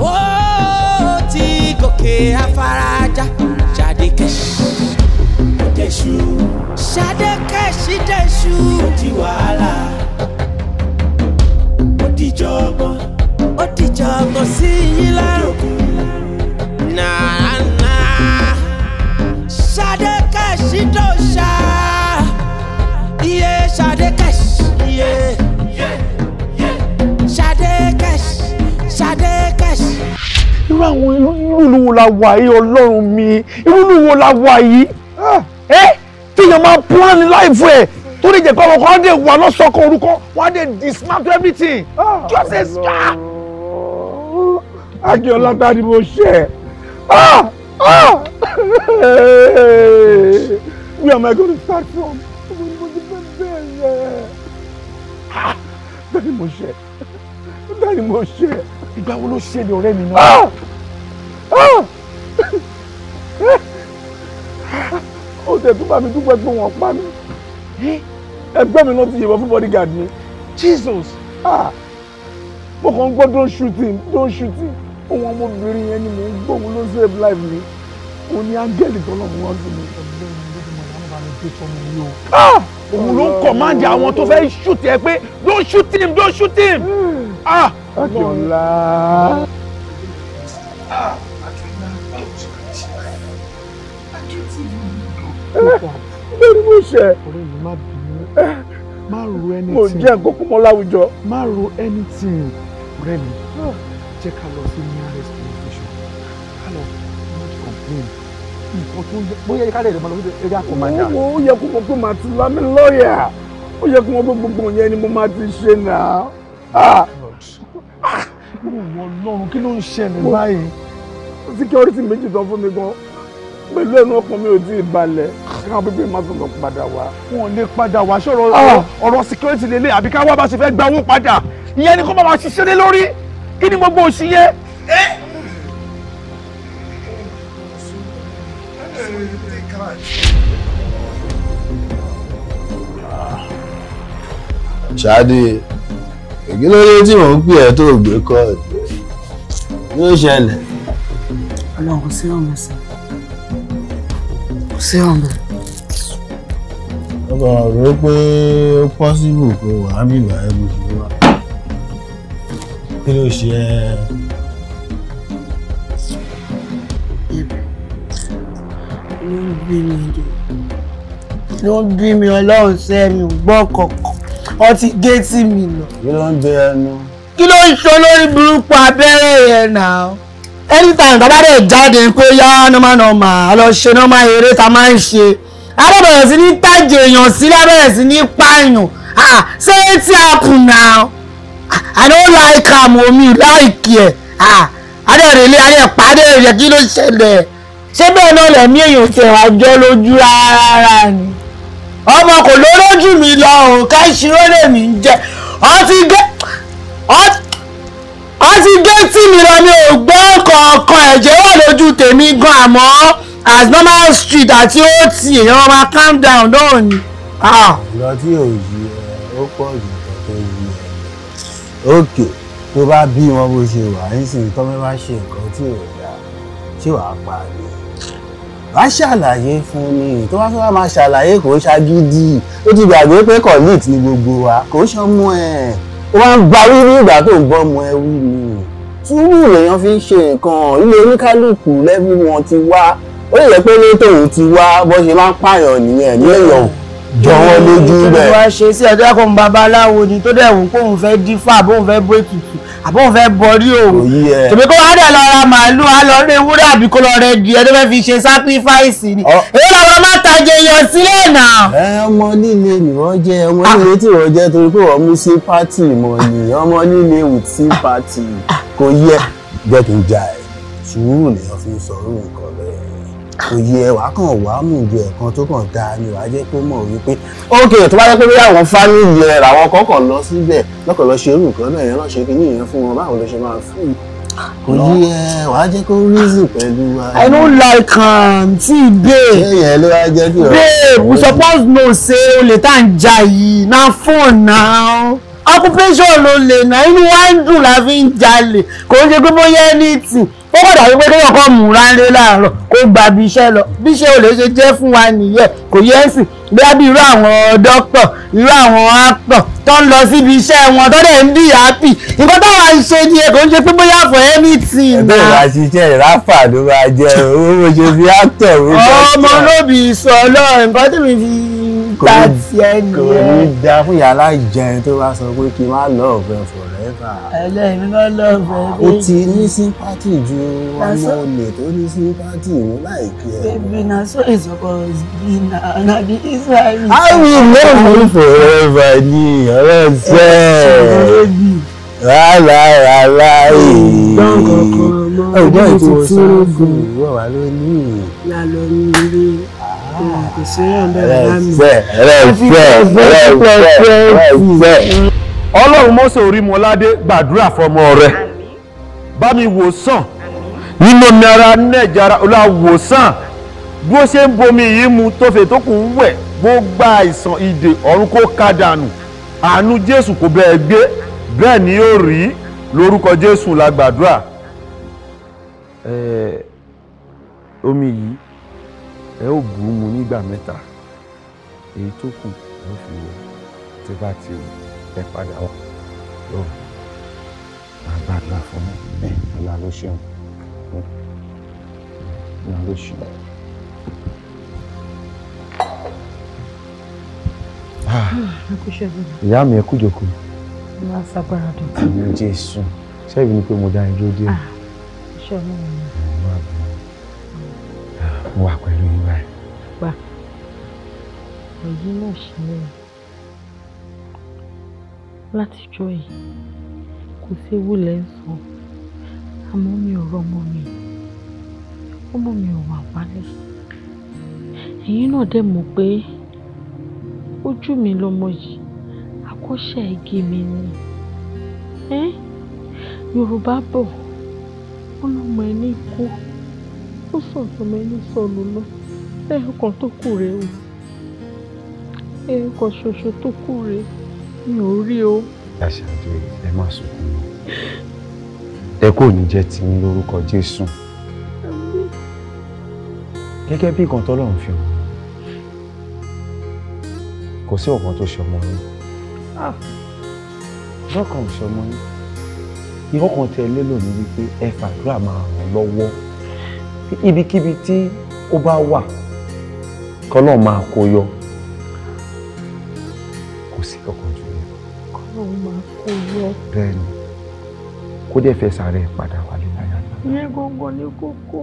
Ó ti gòkè afárájà, Sade cash, Dẹ̀ṣu. Sade cash dẹ̀ṣu. Ó ti wàhálà. kò sí yín lárùn nàánà ṣadé kẹ̀sì tó ṣá iye ṣadé kẹ̀sì iye ṣadé kẹ̀sì ṣadé kẹ̀sì. irú àwọn irúluwo la wà yìí ọlọ́run mi irúluwo la wà yìí ẹ tíyan máa plan life ẹ tó lè jẹ́ pé ọmọ kan á dé wà lọ́sọ̀kan orúkọ wọ́n á dé dismantle everything ah, just a scar. Akínọlá ta ni mo ṣe ah ah where am I going to start from mo ní mo ti fẹ́ bẹ̀rẹ̀ ah ta ni mo ṣe ta ni mo ṣe ìgbà wo ló ṣe ni ọ̀rẹ́ mi náà ah! Ah! ah ó tẹ̀ tún bá mi dúpẹ́ pé wọ́n pa mi eh? ẹgbẹ́ mi náà ti yẹ̀wọ̀ fún bodyguard mi Jesus ah mo kàn ń gbọ́ don't shoot him don't shoot him ohun ọmọbìnrin yẹn ni mò ń gbóhun ló save life mi òun ni áńgẹ́lì tọ́lọ́mù wá sí mi. Ah! òun ló ń kọ̀máǹdì àwọn tó fẹ́ ṣùtì ẹ pé don't shoot him don't shoot him. Hmm. akínlá. Ah! bẹ́ẹ̀ni mo ṣe. ọ̀rẹ́ má ro anything. mo jẹ́ nǹkan kúmọ́ láwùjọ. má ro anything ọ̀rẹ́ jẹ́ ká lọ sí nearest police station ká lọ not complain nǹkan tó ń yẹ bóyá ká lè rẹ̀ mọ́ lọ sí area commander. owó ó yẹ kó mọ̀ pé màá ti lámì lọ́ọ̀yà ó yẹ kó mọ̀ pé gbogbo yẹn ni mo máa ti ṣe náà. ìwọ ah! ọlọ́run kí ló ń ṣẹlẹ̀ báyìí. security méjì tán fún mi gan pẹ̀lú ẹnu ọkàn mi ò tí ì balẹ̀ káwọn pípé má tún lọ padà wá. wọn ò lè padà wá sọ̀rọ̀ ah! ọ̀rọ̀ security lélẹ̀ àbí ká wá bá ṣe fẹ́ gba owó padà ìyẹn ni kó má máa ṣiṣẹ́ lé lórí kí ni gbogbo òsì yẹn. ṣáde èyí ló dé tí mò ń pè ẹ́ tó gbé kọ́ ẹ̀ ló ṣẹlẹ̀. ọlọ́run kò sí ọ̀hún sí kò sí ọ̀hún. ọkọ̀ rò pé ó pọ́sibù kó wàá bìbà ẹ̀ bó ṣe kí ló ṣe ẹ́. ló ń bí mi dùn ló ń bí mi ọlọ́run sẹ́mi ò gbọ́ kankan wọ́n ti gé tì mí lọ. kí ló ń bẹ ẹnu. kí ló ń ṣe lórí burúkú abẹ́rẹ́ yẹn náà anytime tó bá dẹ̀ jáde pé yá nọ́mánọ́mà a lọ ṣe nọ́mà eré tá a máa ń ṣe a lọ bẹ̀rẹ̀ sí ní tàjẹ̀ èèyàn sílẹ̀ bẹ̀rẹ̀ sí ní pààyàn ah, ṣé tí a kùnà i don't like am o mi like ah. ẹ adẹ̀rẹ̀lẹ̀ ayẹ̀ pàdé rẹ̀ kí ló ṣẹlẹ̀ ṣé bẹ́ẹ̀ náà lẹ̀mí èèyàn tẹ̀ wá jọ lójú rárá ni ọmọ kò ló lójú mi lọ òun ká ìṣirò lèmi ń jẹ ọtí gé ọtí gé tí mi lọ ní ògbọ́ kọ̀ọ̀kan ẹ̀jẹ̀ wà lójú tèmi gan àmọ́ as normal street àti ot èèyàn máa calm down náà ni. Ah. ìgbà tí òòyì ẹ ó pọ̀ jù òkè tó bá bí wọn bó ṣe wà nísìnyí tọ́mẹ́ bá ṣe nǹkan tí ò dáa ṣé wàá pa ni wàá ṣàlàyé fún mi tó bá fẹ́ máa ṣàlàyé kò ń ṣagídí ó ti gbàgbé pé kọ̀lít ni gbogbo wa kò ṣọmọ ẹ̀ ó máa ń gba wíwí ìgbà tó ń bọ́ ọmọ ẹ túbú lèèyàn fi ń ṣe nǹkan ilé oníkálukú lẹ́bí wọn ti wá ó lè pé ilé tóun ti wá bó ṣe máa ń pààyàn nìyẹn nílẹ̀ yọ̀ọ̀ jọwọ́ lójú bẹ́ẹ̀. ìjọba ṣe sí ẹ̀dọ́ ẹ̀kọ́ babaláwo ni tó dẹ̀ wò pé òun fẹ́ dífá bóun fẹ́ bó ètùtù àbóun fẹ́ bọrí òun. tèmi kó wá dẹ̀ lọ ra màálù á lọ rí àbí kó lọ rẹ di ẹni fẹ́ fi ṣe sacrifice ni. èyí làwọn máa tajẹ yọ sílẹ̀ náà. ọmọ líle nìwọ́n ọmọ líle ah. tí wọ́n torí pé wọ́n mú sí pátì mọ̀ ni ọmọ líle with pátì ah. kò yẹ jẹ́ kí n jà ẹ̀ sùúrù nìyẹn fi sọ orí òye ẹwà kan wà mú ìjọ ẹ̀kan tó kàn dáa ni wàá jẹ́ kó mọ̀ wípé ókè tó bá jẹ́ pé àwọn fámìlì ẹ̀ làwọn kọ́kàn lọ síbẹ̀ lọ́kàn lọ ṣe irú nǹkan náà yẹn lọ́ọ́ ṣe kí nìyẹn fún wọn báwo ló ṣe máa fún un. òye ẹ wàá jẹ́ kó reason pẹ̀lú wa. I no like am tí babe. ṣéyẹn ló wá jẹ́ kí ọ̀rọ̀. babe we suppose know say olè tá à ń jà yìí na phone now occupation ló lè ná inú wa ń dùn la fi ń jalè kò ń ṣe pé bóyá ẹni tì ó kò dàbí pé kéèyàn kan mú ránlé láàárọ̀ kó gba bí iṣẹ́ lọ bí iṣẹ́ ò lè ṣe jẹ́ fún wa nìyẹn kò yẹ ẹ́ sìn bí àbí irú àwọn dókítà irú àwọn ápọ̀ tó ń lọ síbi iṣẹ́ wọn tó dẹ̀ ń bí àpì nǹkan táwa ń ṣe ni kò ń ṣe pé bóyá for anything. ẹgbẹ́ ìwà ṣiṣẹ́ ìráfà ló máa jẹ owó mo ṣe fi ọmọ olóbì sọ ọlọ́run nǹkan tí mi fi gbá tiẹ̀ nìyẹn. kò ní da fún yàrá ìjẹun tó bá sọ pé kí n má love forever. ẹlẹ́yìn mi má love forever. ó ti ní sympathy ju ọmọ olè tó ní sympathy mú láìpẹ́. baby na so it's suppose be na na be israeli. i will love you forever ni ọ̀rẹ́ sẹ́ẹ̀. rárá rárá èyí. ọ̀gbọ́n kan mọ́ ọdún wà lónìí. lálọ́ ní ilé kò sí yàn bẹ́ẹ̀ lámì. ọlọ́run mọ́sẹ̀ orímọládé gbàdúrà fọmọ rẹ̀ bá mi wò sàn nínú omi ara nẹ́jàrá olùwàwò bí ó ṣe ń bomi yìí mu tó fè tó kù ń wẹ̀ gbogbo àìsàn ìdè ọ̀run kó ká dànù àánú jésù kò bẹ́ẹ̀ gbé bẹ́ẹ̀ ni yóò rí lórúkọ jésù la gbàdúrà. omi yìí ẹ ó bù ú mu nígbà mẹ́ta èyí tó kù ló fi wọ tí bá ti wọ ẹ padà wá lọ máa gbàdúrà fún ẹ ọlá ló ṣeun ọlá ló ṣeun. ìyá mi ẹ kú jòkó. má sábàrà dọ̀tí. jésù ṣebí ni pé mo dá ẹjọ́ dé. ṣé ọlọ́run ni mo wà pẹ̀lú yín báyìí. pa èyí náà ṣe é látijọ́ yìí kò sí ewu lẹ́ ń sọ àmọ́ mi ò rọ́mọ mi ọmọ mi ò wà wálé ẹ̀yin náà dẹ̀ mọ̀ pé ojú mi lọmọ yìí akọ́ṣẹ́ igi mi ni yorùbá bọ̀ ọlọ́mọ ẹni kú ó sàn tọmọ ẹni sọnù lọ ẹ̀ẹ̀kan tó kù rèé o ẹ̀ẹ̀kan ṣoṣo tó kù rèé mi ò rí o. aṣáájú ẹ má sunkún mọ́ ẹ kò ní jẹ́ tiyín lórúkọ Jésù gẹ́gẹ́ bí nǹkan tọ́lọ́run fi hàn kò sí ọ̀kan tó ṣọmọ yín lọ́kàn ah! ṣọmọ yín ìwọ́n kan tẹ lélò ní wípé ẹ fàdúrà máa ràn lọ́wọ́ ibikíbi tí ó bá wà kọ́lọ́ máa kó yọ kò sí kankan jù lọ. kọ́lọ́ máa kó yọ. bẹ́ẹ̀ ni kó dẹ̀ fẹ́ sàárẹ̀ padà wálé láyà. ìyẹn gangan ní kókó.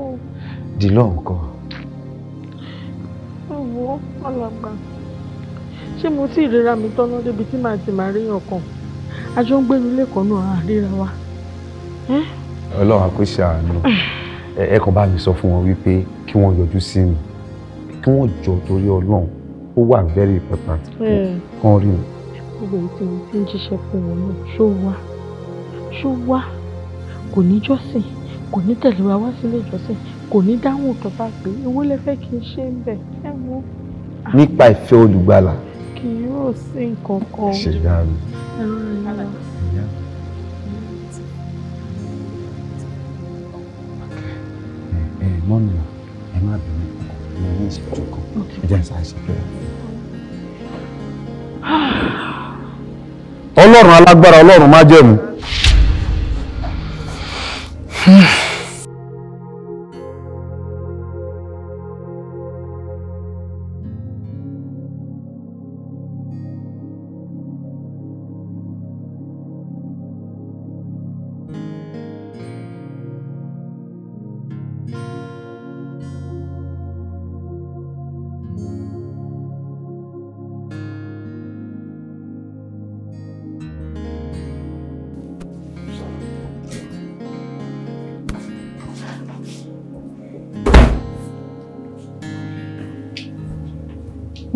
dìlọ́ nǹkan. ẹ̀wọ̀ alàgbà ṣé mo ti ìrora mi tọ́nà débi tí màá ti máa ríyàn kan a jọ ń gbé nílé kan náà àríra wa. ọlọ́run àkóso àánú. ẹ kàn bá mi sọ fún wọn wípé kí wọ́n yọjú sí mi kí wọ́n jọ torí ọlọ́run ó wà very important hmm. kan rí mi. gbogbo èyí tí mo ti ń jíṣẹ́ fún wọn náà ṣó wá ṣó wá kò ní jọ́sìn kò ní tẹ̀lé wa wá sílé ìjọsìn kò ní dáhùn tó bá pè é owó lè fẹ́ kí n ṣe ń bẹ̀ ẹ wo. Ah. nípa ìfẹ́ olùgbàlà. kì yóò sí nǹkan kan. ṣèdáàrú. ẹ̀rọ ìlànà. ẹ̀gbọ́n mi ẹ má bínú mo ní ìṣẹ́jú kan ẹ jẹ́ sáà ṣètò ẹ̀. ọlọ́run alágbára ọlọ́run májẹ̀mú.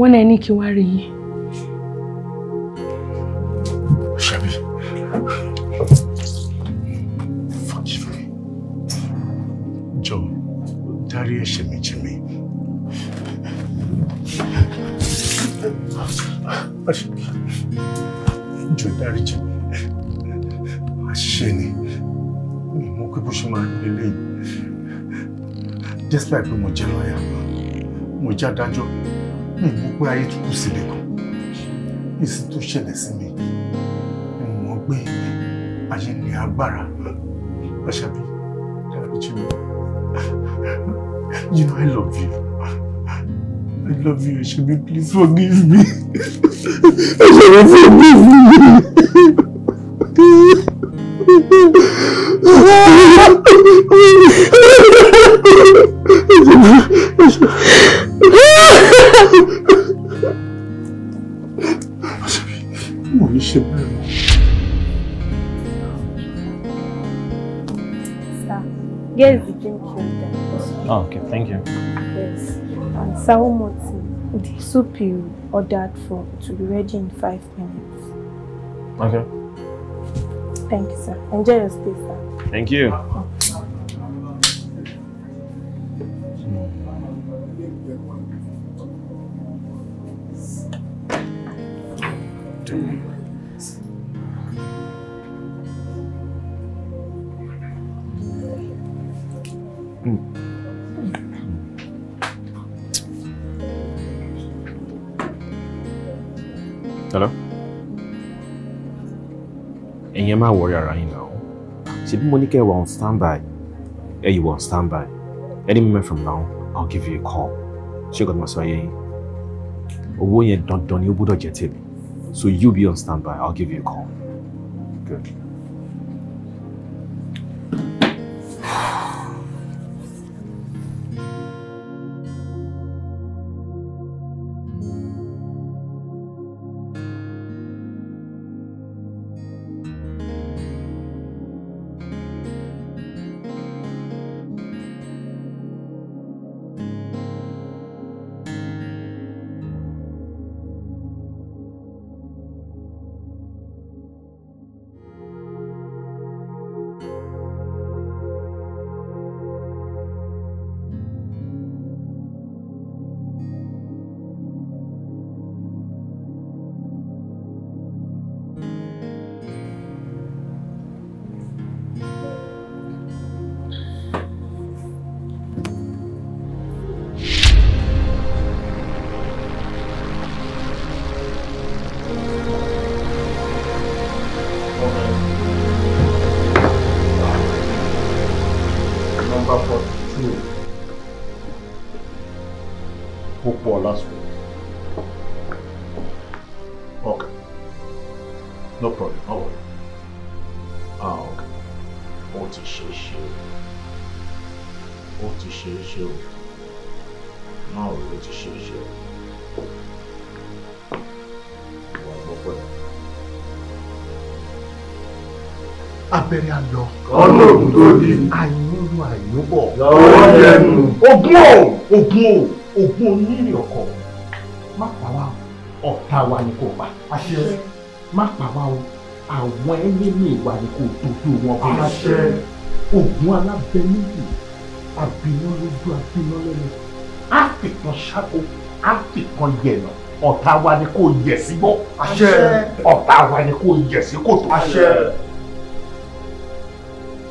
wọ́n náà ní kí wá rí yín. ṣàbí forgive me jọ dárí ẹ̀ṣẹ̀ mi jì mí. jọ dárí jì mí àṣìṣe ni mi mọ̀ pé bó ṣe máa ń lélẹ́yìn despite pé pé ayé tún kù síbi kan èsì tó ṣẹlẹ̀ sí mi mo mọ̀ pé ayé ní agbára Àṣàbí Àbíjìmí you know I love you I love you Àṣàbí please forgive me Àṣàbí forgive me. Oh, okay, thank you. Yes. And sour mutton, the soup you ordered for to be ready in five minutes. Okay. Thank you, sir. Enjoy your stay, sir. Thank you. Okay. má wọrí ara yín náà ṣebí mo ní kẹ́ ẹ wà on standby ẹ yìí wà on standby any moment from now I'll give you a call ṣé kò tó ma sọ ayé yín owó yẹn dandan ni ó gbọ́dọ̀ jẹ́ tèmi so you be on standby I'll give you a call good. lọ. ọ̀nà ògùn tó di. àyínú àyínbọ̀. lọ́wọ́ lẹ́nu. ogún o ogún o ogún onírè ọkọ má pa wá o ọ̀tá wa ni kò pa. àṣẹ. má pa wá o àwọn ẹlẹ́mì wa ni kò dojú wọn bá. àṣẹ. ogún alábẹ́míyì abiná lójú abiná lẹ́nu á fìkan ṣáko á fìkan yẹ̀nà ọ̀tá wa ni kò yẹ̀ sí bọ́. àṣẹ. ọ̀tá wa ni kò yẹ̀ sí kòtò. àṣẹ.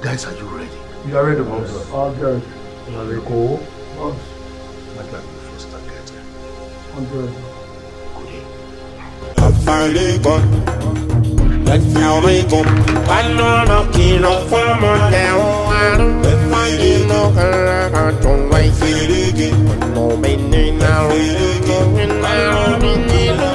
Guys, are you ready? You are ready, boss. Yes. All good. You are ready. Go. Boss. My plan will first start getting. All good. Afalikon, lẹ́yìn oríkun, pálọ̀ lọ kìlọ̀ fún ọmọdé ọ̀hún. Bẹ́ẹ̀ ni iná kára kan tó wáyé. Ọ̀nà mi ní náà rí, mi ní náà rí nílò.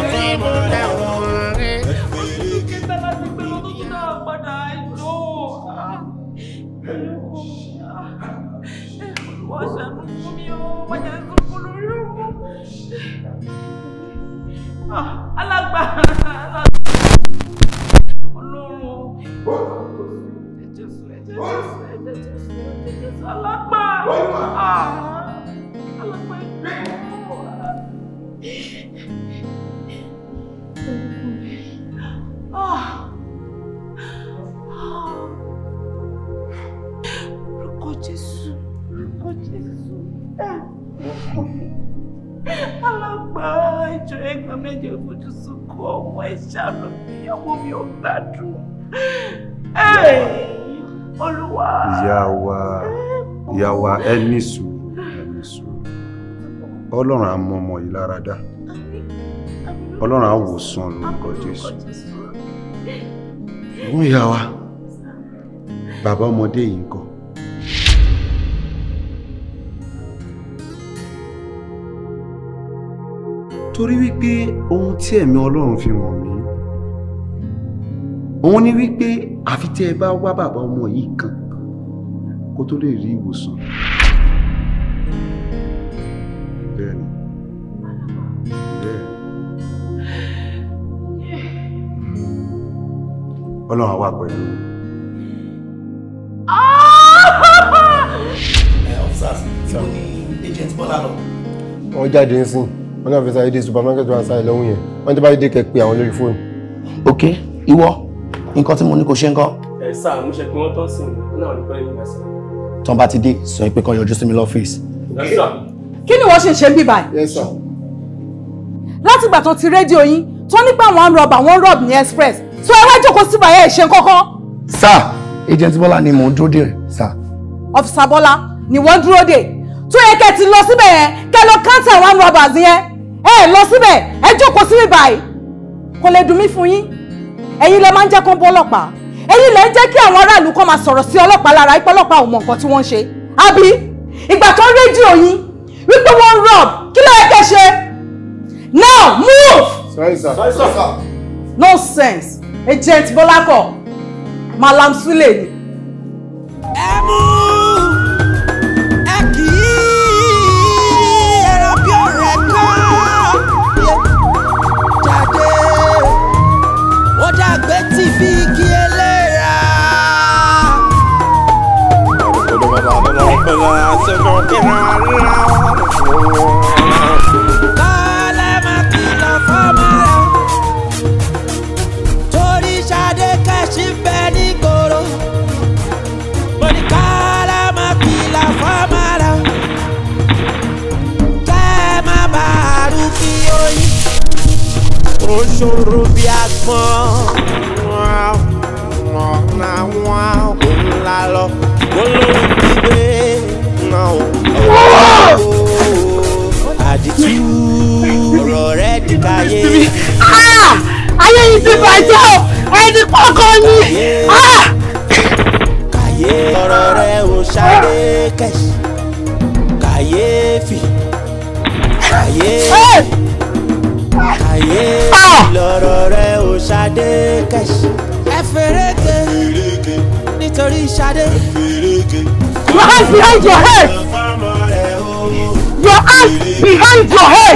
ẹ ní sùúrù ẹ ní sùúrù ọlọ́run á mọ ọmọ yìí lára dá ọlọ́run á wòsàn lórúkọ jésù wọ́n yà wá bàbá ọmọdé yìí ń kọ́. torí wípé ohun tí ẹ̀mí ọlọ́run fi hàn mí òun ni wípé àfi tí ẹ bá wá bàbá ọmọ yìí kan kó tó lè rí ìwòsàn. ọlọ́run àwa pẹ̀lú. Ah! Eh, wọ́n jáde ń sìn wọ́n náà fi sáré dé supermarket wa sáré lọ́hùn yẹn wọ́n ti bá dé kẹ́ pé àwọn lórí fóònù. ok ìwọ nǹkan tí mo ní kò ṣe ń kọ́. ẹ sáà mo ṣe pé wọ́n tọ́ sí mi wọ́n náà ní pẹ́ẹ́lí nígbà sí. tó bá ti dé sọ pé kó yọjú sí mi lọ́fíìsì. kí ni wọ́n ṣe ṣe bí báyìí. látìgbà tó ti rédíò yín tó nípa àwọn rọ̀bà wọ́n rọ̀bù ní express so ẹ wá jókòó sí bàyẹ̀ ẹ̀ ṣe kankan. sir agent bọ́lá ni mò ń dúró dè sir. ọ̀fíìsà bọ́lá ni wọ́n dúró dè tó yẹ kẹ́ ti lọ síbẹ̀ yẹn kẹ́ lọ káńtà one robbers yẹn ẹ lọ síbẹ̀ ẹ jókòó síbí báyìí kò lè dùn mí fún yín ẹ̀yin lẹ máa ń jẹ́ kó ń bọ́ ọlọ́pàá ẹ̀yin lẹ ń jẹ́ kí àwọn aráàlú kan máa sọ̀rọ̀ sí ọlọ́pàá lára ipò ọlọ́pàá ò mọ nǹkan tí wọ́n ń ṣe àbí ìgbà tó ń rédíò yín wípé wọ́n ń rob kí ló yẹ kẹ́ ṣe now move. sorry sir. sorry sir. nonsense agent bolako malam sule ni. ẹ mú ẹ kì í ẹran bí ọ̀rẹ́ kan jáde ó dàgbé tí bí igi eléra. ọ̀dọ̀ bàbá mi lọ pẹ̀lú àṣẹ kan kí n rà á lọ́wọ́. ó ṣòro bí agbọ́n ọ̀nà wọn kò ń la lọ olóhùn gbígbé náà ó àdìtú ọ̀rọ̀ rẹ̀ dìkàyé. Ah! ayé yìí ti bàjẹ́ o ẹni kọ́kọ́ ni. kàyé ah! ọ̀rọ̀ rẹ̀ ò ṣáré kẹ̀sì kàyéfì kàyéfì ayé ah! lọ́rọ̀ rẹ ò ṣadé kẹ̀sì. ẹ fèrèkè nítorí ṣadé. your hands behind your head. your hands behind your head.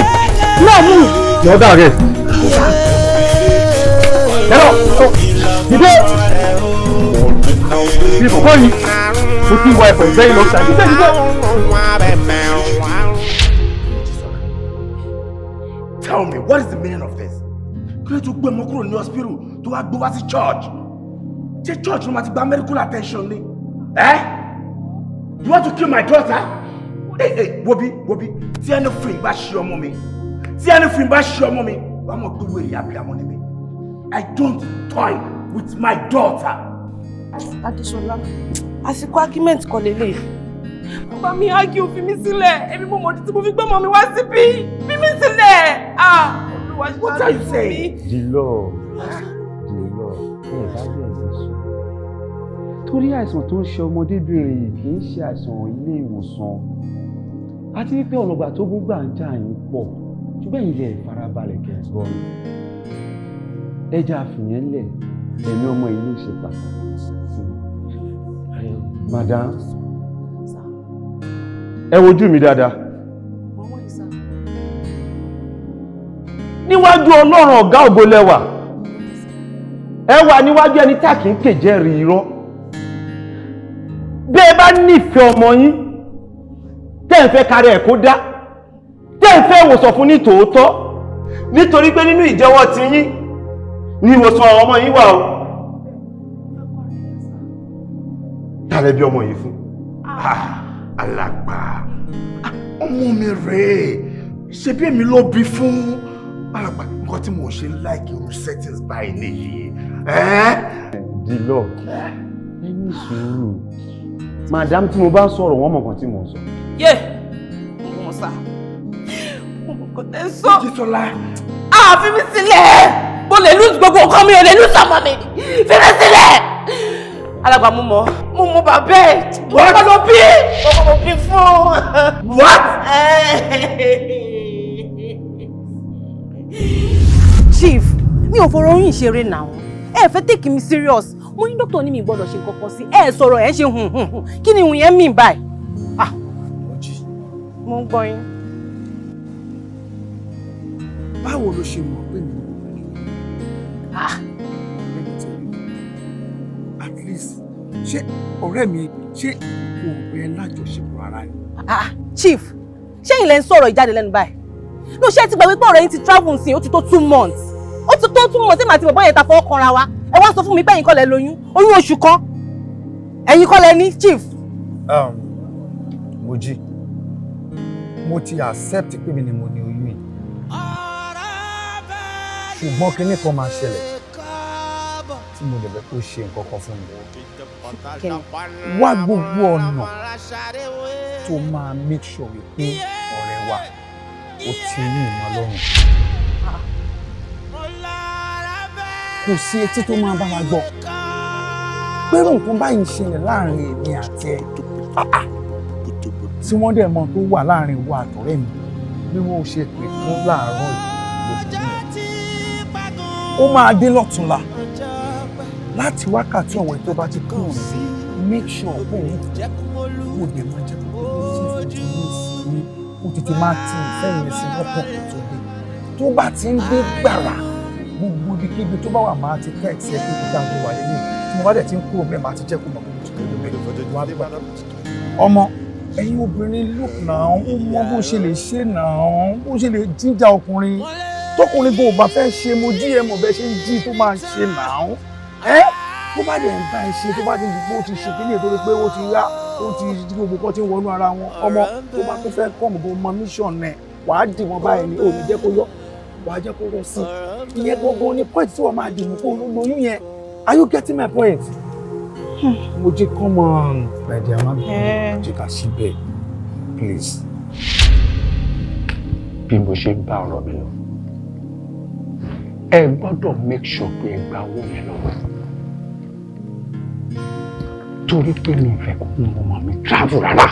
no move. yọ ọgá rẹ. ẹ̀rọ ìdè ìbùkún yìí mo ti wọ ẹ̀fọ̀ ìgbẹ́yìn lọ́sàn-án. what is the meaning of this? kí ló tún gbé ọmọ kúrò ní hospital tó wá gbé wá sí church ṣé church ló máa ti gba medical attention Eh? you want to kill my daughter Hey, eh, hey, wobi wobi See ẹni fún ìgbà your mommy. See tí ẹni fún your mommy. I'm not wàá mọ̀ pé wíwèé yàgbé I don't toy with my daughter. That is your love. a àsìkò argument kan lélẹ́yìí bàbá mi á kí o fi mí sílẹ̀ èmi mo mọ̀ tí mo fi gbọ́mọ mi wá síbí fi mí sílẹ̀ ah olúwa ṣáájú fún mi. di lọ di lọ ẹ bá bẹ̀rẹ̀ ní sùn. torí àìsàn tó ń ṣe ọmọdébìnrin yìí kì í ṣe àìsàn ilé ìwòsàn àti wípé ọ̀nàgbà tó gún ń jà yín pọ̀ ṣùgbọ́n ilẹ̀ ìfarabalẹ̀ kẹ̀gbọ́n ẹja àfìyẹn ẹ̀mí ọmọ ìlú ṣe pàtàkì madam ẹ wojú mi dáadáa níwájú ọlọ́run ọ̀gá ògo lẹ́wà ẹ wà níwájú ẹni tá kì í kèjẹ́ rí irọ́ bí ẹ bá nífẹ̀ẹ́ ọmọ yín tẹ́ ń fẹ́ kárí ẹ̀ kó dá tẹ́ ń fẹ́ ìwòsàn fún ní tòótọ́ nítorí pé nínú ìjẹ́wọ́ ti yín ní ìwòsàn ọmọ yín wà o tàlẹ́bí ọmọ yìí fún. Ah alàgbà ọmọ ah, mi rèé ṣebí èmi ló bí fún alàgbà nǹkan tí mo ṣe ń like irú settings báyìí nìyí. dìlọ ẹni sùúrù madam tí mo bá ń sọ̀rọ̀ wọ́n mọ̀ kan tí mo sọ. yé mo sá mo kò tẹ́ sọ. jísọlá. àfi mi sílẹ̀ mo lè lose gbogbo nǹkan mi ò lè lose ọmọ mi fẹ́rẹ̀ sílẹ̀ alàgbà mo mọ̀ mo mọ̀ bàbá ẹ̀ wọ́n lọ bí ọkọ̀ mo bí fún. what. chief mi ò fọ̀rọ̀ yín ṣeré náà ẹ fẹ́ take me serious mo ní dókítà ní mi gbọ́dọ̀ ṣe nǹkan kan sí ẹ sọ̀rọ̀ ẹ ṣe hùn hùn hùn kí ni ìhùn yẹn mean by. Ah. mo ń gbọ́ yín. báwo ló ṣe mọ̀ pé mi ò wọlé. ṣé ọ̀rẹ́ mi ṣé kò bẹ lájọṣepọ̀ rárá ni. ah, ah chief ṣé ilẹ̀ ń sọ̀rọ̀ ìjáde lẹ́nu báyìí ló ṣe ti gbà wípé ọ̀rẹ́ yín ti travel sí i ó ti tó two months ó ti tó two months èmi àti bàbá yẹn ta fọwọ́ kanra wa ẹ wá sọ fún mi pé ẹ̀yin kọ́ lẹ lóyún oyún oṣù kan ẹ̀yin kọ́ lẹ ní chief. Um, mo jí mo ti accept pé mi ni mo ní oyún yìí ṣùgbọ́n kinní kan máa ṣẹlẹ̀ tí mo dẹ̀bẹ̀ kó ṣe nǹkan kan fún mi. wá gbogbo ọ̀nà tó máa make sure wípé ọ̀rẹ́ wa ó ti ní ìmọ̀ lọ́rùn. kò sí etí tó máa bá wa gbọ́ pẹ̀lú nǹkan báyìí ṣẹlẹ̀ láàrin èmi àti ẹ̀ tí wọ́n dẹ̀ mọ̀ tó wà láàrin wa àtọ̀rẹ́ mi bí wọ́n ṣe pè fún láàárọ̀ yìí lóṣù yìí ó máa dé lọ́túnla láti wákàtí ọ̀wọ́ tó bá ti kú òun make sure pé òun kò dé máa jẹ́ pé ó ti ní ó tètè máa ti ìfẹ́ yẹn sí lọ́pọ̀ tó dé tó bá ti ń dé gbàrà gbogbo ibikíbi tó bá wà máa ti text ẹ pé kúta ló wà nílé tí mo bá dẹ̀ ti ń kúrò mẹ́ẹ̀ máa ti jẹ́ kó mọ̀ pé mo ti kúrò mẹ́ẹ̀ wá gbà ọmọ ẹ̀yin obìnrin look náà ó mọ bó ṣe lè ṣe náà bó ṣe lè jíjà ọkùnrin tọkùnrin bó o bá fẹ́ ṣe mo jí ẹ mo bẹ́ ṣe ń jí tó máa ṣe náà ẹ́ bá dẹ̀ ń bá ẹ ṣe tó bá ti gbó ti ṣe kílè tó pé ó ti yá ó ti di gbogbo kan ti ń wọnú ara wọn ọmọ tó bá tó fẹ́ kọ́ mọ̀ mọ mission ẹ̀ wàá dì wọ́n báyìí ni òní jẹ́ kó yọ wàá jẹ́ kó rọ̀ sí ìyẹn gbogbo ni point tí wọ́n máa dì mú kó lóyún yẹn are you getting my point? mo jẹ́ come on pẹ̀lú àwọn àbí jẹ́ ká síbẹ̀ please bí mo ṣe ń bá ọ̀rọ̀ mi lọ ẹ gbọ́dọ̀ make sure pé ẹ gba owó yẹn lọ́wọ́ torí pé mi ò fẹ́ kó mú ọmọ mi travel rárá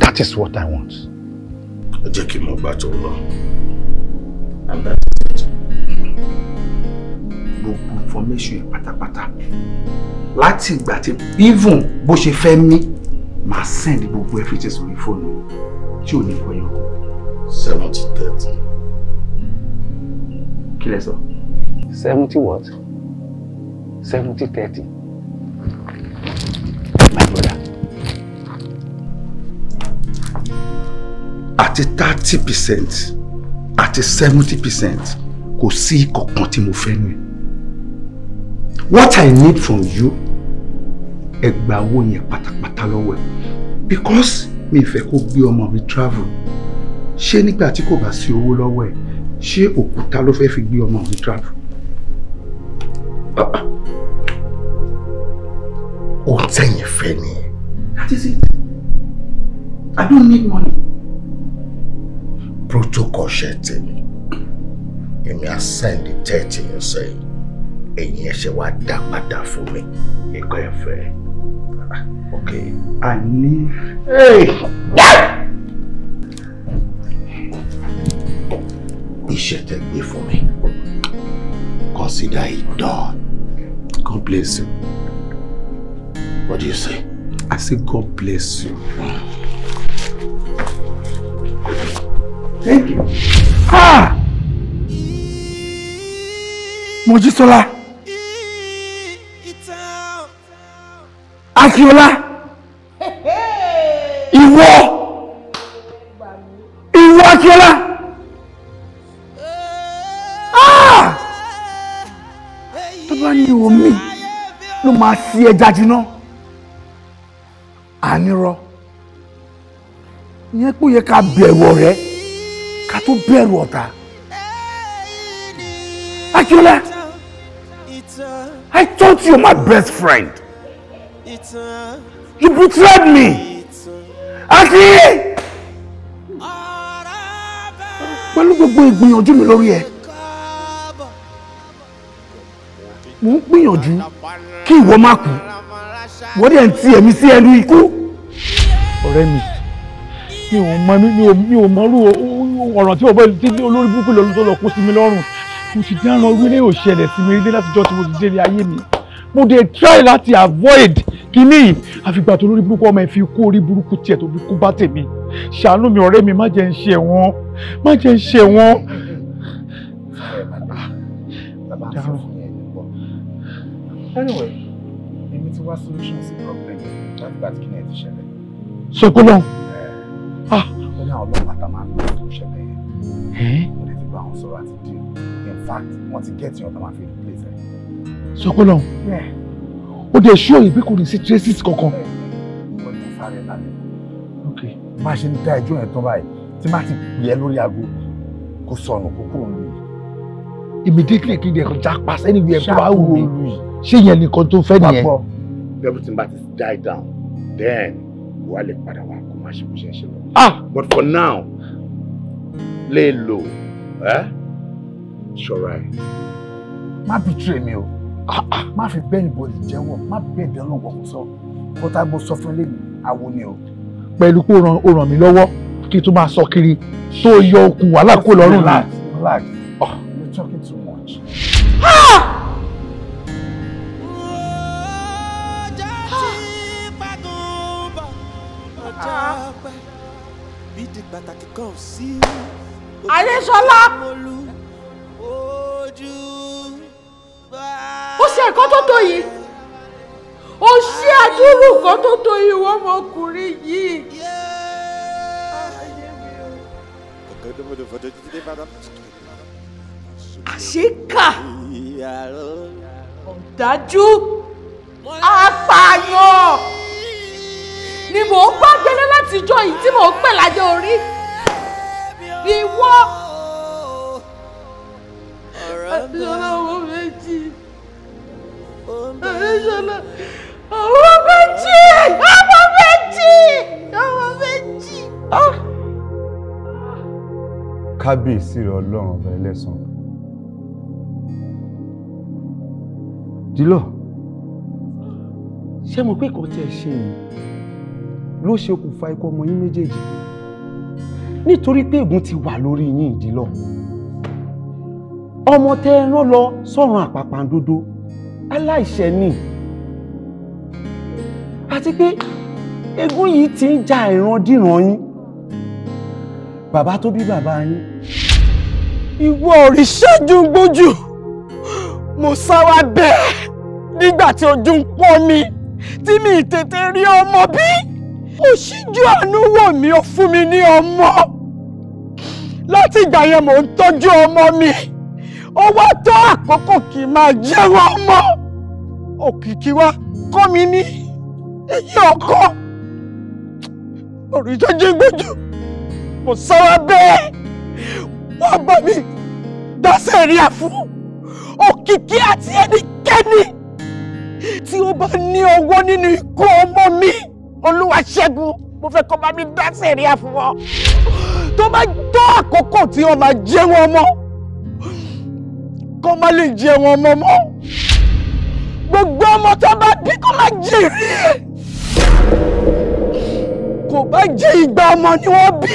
that is what I want. ẹ jẹ́ kí n mọ gbà tó lọ gbogbo information yẹn pátápátá láti ìgbà tí even bó ṣe fẹ́ mí màá send gbogbo everything sórí fóònù tí ò ní fọyọ́. seventy thirty. kí lẹ sọ. seventy what seventy thirty my brother At the 30%, àti seventy percent kò sí kankan tí mo fẹ́ nu ẹ̀ what i need from you ẹ gba owó yẹn because mi fẹ́ kó gbé ọmọ mi travel ṣé nígbà tí kò bá sí owó lọ́wọ́ ẹ̀ ṣé òkúta ló fẹ́ fi gbé ọmọ mi travel. Uh -uh ó tẹ̀yìn fẹ́ ni. that is it i don't need money. protocol ṣe tèmi èmi á send thirty yẹn sẹ́yìn ẹ̀yìn That matter for me. You go ẹ̀kọ́ ẹ̀fẹ́. okay i need. Hey. iṣẹ́ tẹ gbé fún mi consider it done God bless you. What do you say? I say God bless you. Thank you. Ah! Mojisola. Akiola. Ìwọ. Ìwọ Akiola. Ah! Tó bá ní ìwọ mi ló máa sí ẹja jiná ta nírọ́ ìyẹn pé ó yẹ ká bẹ̀rù ọ̀rẹ́ ká tó bẹ̀rù ọ̀tá Akíọ́lá I thought you were my best friend you betrayed me Aki pẹ̀lú gbogbo ìgbìyànjú mi lórí ẹ̀ mò ń gbìyànjú kí ìwọ má kú wọ́n dẹ̀ ń ti ẹ̀mí sí ẹnu ikú ọ̀rẹ́ mi mi ò mọ mi ò mi ò mọrú ọ̀ràn tí ọ̀bọ tí olórí burúkú lọ lọ kó sí mi lọ́rùn mo sì ti ràn orílẹ̀ ò ṣẹlẹ̀ sí mi rí látijọ́ tí mo ti délé ayé mi mo dey try láti avoid kíní àfìgbà tó lórí burúkú ọmọ ẹ fi kó orí burúkú tiẹ̀ tó fi kú bá tèmi ṣàánú mi ọ̀rẹ́ mi má jẹ́ ń ṣe wọ́n má jẹ́ ń ṣe wọ́n. anyway èmi ti wá solution sí problem láti gbà tí kíní ẹ ti ṣẹlẹ̀ sọkó lọ́hùn. Ah. ó ní àwọn ọlọ́pàá tá máa ń lò tó ṣẹlẹ̀ yẹn mo lè ti bá in fact wọ́n ti gẹ̀ẹ́tì ọ̀tá máa fi replace ẹ̀. sọkó lọ́hùn. ó dẹ̀ ṣó yìí pé kò ní sí traces kankan. mo ní sáré lálẹ́ má ṣe ń dá ẹjọ́ yẹn tán báyìí tí má immediately kí ni ẹ̀kọ́ pass anywhere tó bá wù mí ṣé yẹn nìkan tó fẹ́ nìyẹn. bẹ́ẹ̀ bí die down then wà lè padà wá ah but for now lè e lò ẹ́ ṣọ́ra ẹ̀. má bìtúrè mi o ah, ah. Ma fi bẹ́ẹ̀ni bọ́ọ̀lì Ma má bẹ́ẹ̀ dán lọ́wọ́ kò But kọ́tà mo sọ fún lèmi awo ni o. pẹ̀lú pé ó ràn mí lọ́wọ́ kí n tún máa sọ kiri tó yọ okùn wàhálà kó lọ́rùn mi. relax relax pàtàkì kan sí. Adéṣọlá. Ó ṣe ẹ̀kọ́ tó tó yìí. Ó ṣe àdúrú kan tó tó yìí wọ́n ọmọkùnrin yìí. Àṣìkà. Ọ̀dájú. Apààyàn. Ni mò ń bá tìjọ yìí tí mò ń pè lájẹ orí ìwọ lọ́la àwọn méjì lọ́la àwọn méjì àwọn méjì àwọn méjì. Ah. kábíyèsí rẹ ọlọ́run ọba ẹlẹ́sàn. dílọ ṣé mo pé kò tẹ ṣe yìí ló ṣe okùnfà ikú ọmọ yín méjèèjì nítorí pé ègún ti wà lórí yín ìdílọ ọmọ tẹ ẹ rán lọ sọ́run àpàpàǹdodo aláìṣẹ̀ ni àti pé ègún yìí ti ń ja ìrandíran yín bàbá tó bí bàbá yín ìwọ òrìṣẹ́jú gbójú mo sá wá bẹ́ẹ̀ nígbà tí ojú ń pọ́n mi tí mi tètè rí ọmọ bí ó ṣíjú àánú wò mí ó fún mi ní ọmọ láti ìgbà yẹn mò ń tọ́jú ọmọ mi ó wá tó àkókò kì í máa jẹ́wọ́ ọmọ òkìkí wa kọ́ mi ní iye ọkọ òrìṣẹ́jẹ́ gbẹ́jù mo sára bẹ́ẹ̀ wọ́n bá mi dáṣẹ́ rí àfún òkìkí àti ẹnikẹ́ni tí ó bá ní ọwọ́ nínú ikú ọmọ mi olúwa ṣẹ́gun mo fẹ́ kó bá mi dá sẹ̀ríà fún wọn tó bá tó àkókò tí wọ́n máa jẹ wọn mọ́ kó má lè jẹ wọn mọ́ mọ́ gbogbo ọmọ tó bá bí kó má jèrè kò bá jẹ ìgbà ọmọ ni wọ́n bí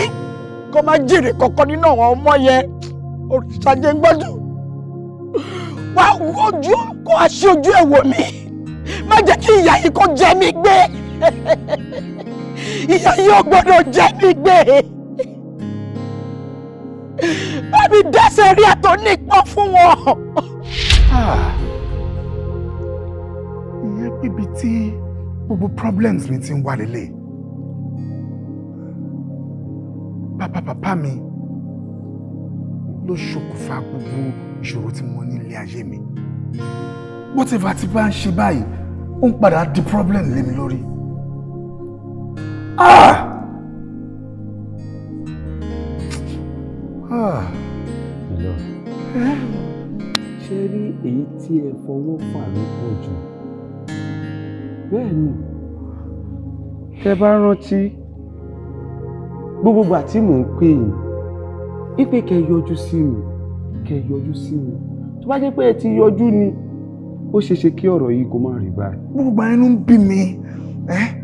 kó má jèrè kọ̀ọ̀kan nínú àwọn ọmọ yẹn òrìṣàjẹ́ ń gbọ́dọ̀ wá ojú kó aṣojú ẹ̀ wò mí má jẹ́ kí ìyá yìí kó jẹ mí gbé ìyá yóò gbọ́dọ̀ jẹ́ nígbè bábí dẹ́sẹ̀ rí àtọ̀ nìkan fún wọn. Ah. ìyẹn bíbi tí gbogbo problems mi ti ń wà lélẹ̀ bàbá bàbá mi ló ṣokùnfà gbogbo ìṣòro tí mo ní ilé ayé mi whatever ti bá ń ṣe báyìí ó ń padà di problem lé mi lórí. Ah! Ah! Hello. Ṣé rí èyí tí ẹ fọwọ́ fà ló pọ̀ jù? Bẹ́ẹ̀ ni, tẹ bá rántí gbogbo tí mò ń pè yín, wípé kẹ yọjú sí mi, kẹ yọjú sí mi. Tó bá jẹ́ pé ẹ ti yọjú ni, ó ṣeé ṣe kí ọ̀rọ̀ yìí kò máa rí báyìí. Gbogbo ìgbà ń bí mi. Eh?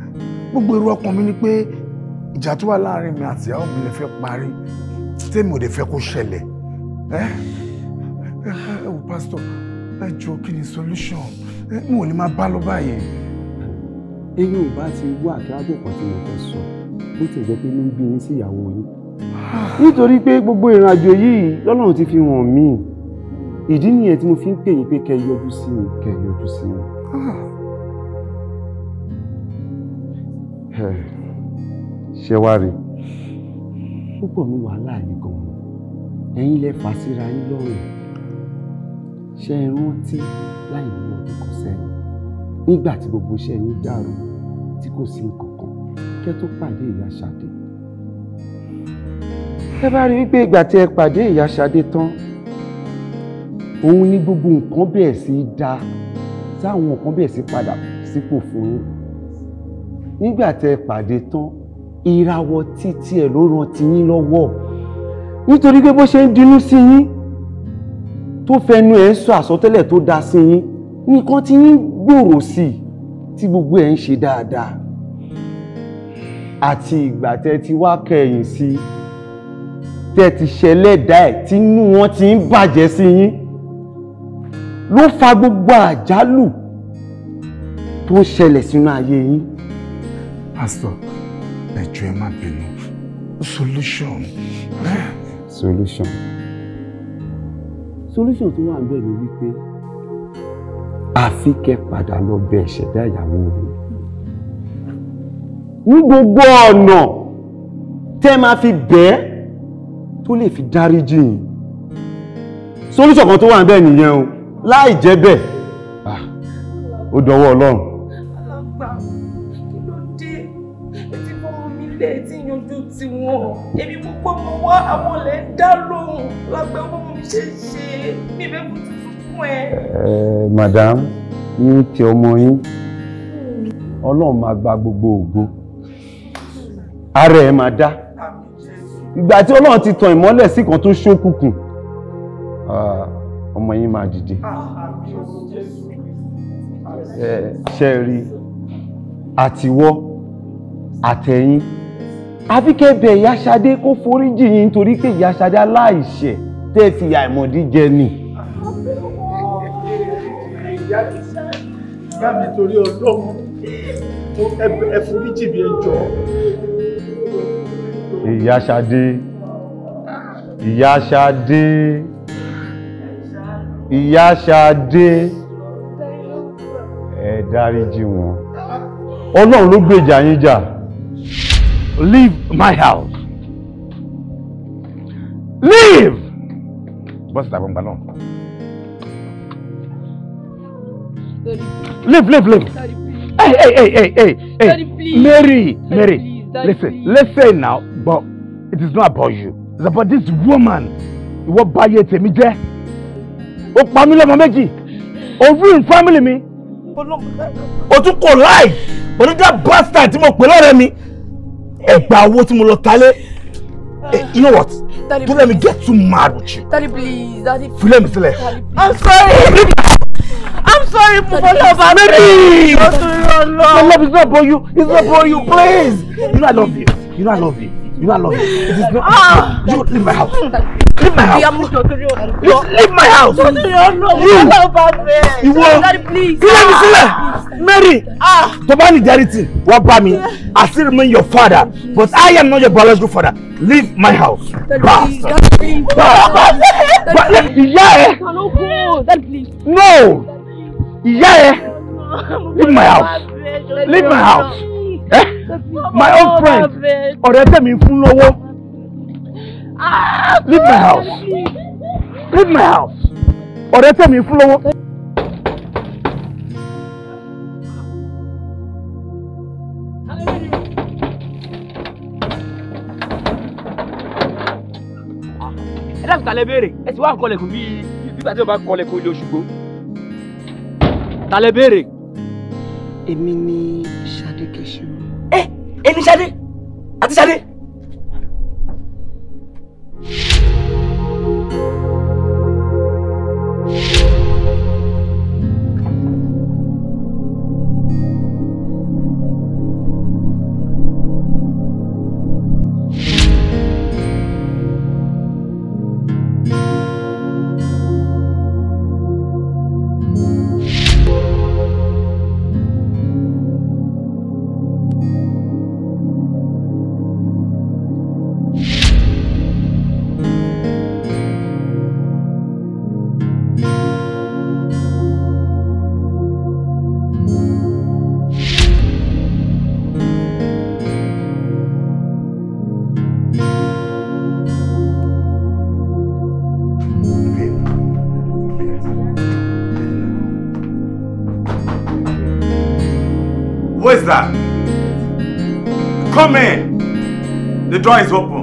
gbogbo èrò ọkàn mi ni pé ìjà tó wà láàrin mi àti ìyàwó mi lè fẹ́ parí tèmi ò lè fẹ́ kó ṣẹlẹ̀ ẹ ẹ ẹ wò pásítọ̀ ẹ jọ kí ni solution ẹ n ò lè máa bá lọ báyìí. eyín ò bá ti wá àkíyàgbò kan tí mo fẹ́ sọ bó ti jẹ́ pé ní bí yín sí ìyàwó yín nítorí pé gbogbo ìrìn àjò yìí lọ́lọ́run ti fi hàn mí ìdí nìyẹn tí mo fi ń pè yín pé kẹ́ yọjú sí mi kẹ́ yọjú sí mi. Ah. ṣé wàá rí. púpọ̀ ní wàhálà yìí gan-an ẹ̀yin lè fà síra yín lọ́rùn ṣe é rántí láì ní ọdún kan sẹ́yìn nígbà tí gbogbo iṣẹ́ yín dàrú tí kò sí nǹkan kan kẹ́ tó pàdé ìyá Ṣadé. ẹ bá rí wípé ìgbà tí ẹ pàdé ìyá Ṣadé tán òun ní gbogbo nǹkan bẹ̀rẹ̀ sí í dáa táwọn nǹkan bẹ̀rẹ̀ sí padà sípò fún yín nígbà tẹ pàdé tán ìràwọ̀ títí ẹ̀ ló ràn ti yín lọ́wọ́ nítorí pé bó ṣe ń dinú sí yín tó fẹnu ẹ̀ ń sọ àsọtẹ́lẹ̀ tó dáa sí yín nìkan tí yín gbòòrò sí i tí gbogbo ẹ̀ ń ṣe dáadáa àti ìgbà tẹ ti wá kẹ̀yìn sí i tẹ ti ṣẹlẹ́dàá ẹ̀ tí inú wọn ti ń bàjẹ́ sí yín ló fa gbogbo àjálù tó ṣẹlẹ̀ sínú ayé yín. Pastor, ẹ jọ̀ọ́ ẹ má bínú. Solution. Eh? Solution. Solution tó wà ń bẹ̀ ni wípé àfi a padà lọ bẹ ìṣẹ̀dá ìyàwó rẹ̀. Ní gbogbo ọ̀nà tẹ́ máa fi be? tó lè fi dáríjì yín. Solution kan tó wà ń bẹ̀ nìyẹn o, láì jẹ́ bẹ́ẹ̀, ah, ó dọwọ́ wọn èmi mo pọ́ mọ wá àwọn olè dá lóhùn lágbẹ́ owó mi ṣe é ṣe mi ìfẹ́ kò tuntun ẹ. madam ní ti ọmọ yín hmm. ọlọ́run máa gba gbogbo ògo ara ẹ̀ máa dá ìgbà tí ọlọ́run ti tan ìmọ́lẹ̀ sí kan tó ṣókùnkùn ọmọ yín máa dìde ṣe rí àtiwọ́ àtẹ̀yìn àfi kẹbẹ ìyá Ṣadé kó foríjì yín nítorí pé ìyá Ṣadé aláìṣẹ̀ tẹ́ ẹ fi ìyà ìmọ̀dí jẹ ni. ìyá mi torí ọlọ́run ẹ foríjì mi ẹ jọ̀ọ́. ìyá Ṣadé ìyá Ṣadé ìyá wọn ọlọ́run ló gbèjà yín jà leave my house. Leave! What's that one balloon? Leave, leave, leave. hey, hey, hey, hey, hey, Daddy, Mary, Daddy, Mary, Daddy, listen, please. listen now, but it is not about you. It's about this woman. Ìwọ buy tèmi jẹ́. Ó pa mí lọ́mọ méjì. Ó ruin family me? Ó tún kò But that bastard tí mo pè lọ́rẹ́ me? ẹgbàá owó tí mo lọ talé ah. eh, you know what don't let me get too mad with you. daddy please please. filẹ̀ mi sílẹ̀. i'm sorry. i'm sorry love, ọba. baby my love is not for you it's not for you please you know i love you you know i love you you know i love you it is not ah. you leave my house leave my house leave my house you you iwọ filẹ̀ mi sílẹ̀. Mary, ah, tobani darity, dirty what by me. I still remain your father, but I am not your biological father. Leave my house. Bastard. Daddy, Bastard. Daddy, eh. Daddy, yeah. I cannot go. Daddy, please. No. Yeah. Eh. Leave my house. Leave my house. Eh? My old friend. Or they tell me fun lowo. Leave my house. Leave my house. Or they tell me fun lowo. five tàlẹ́ béèrè ẹ sì wá kọlẹ̀kùn bíi bíbá tí wọ́n bá kọlẹ̀kùn ilé Òṣùgbó tàlẹ́ béèrè. èmi ni Ṣadé Kẹ́sìmọ́. ẹ èmi Ṣadé àti Ṣadé. you door is open.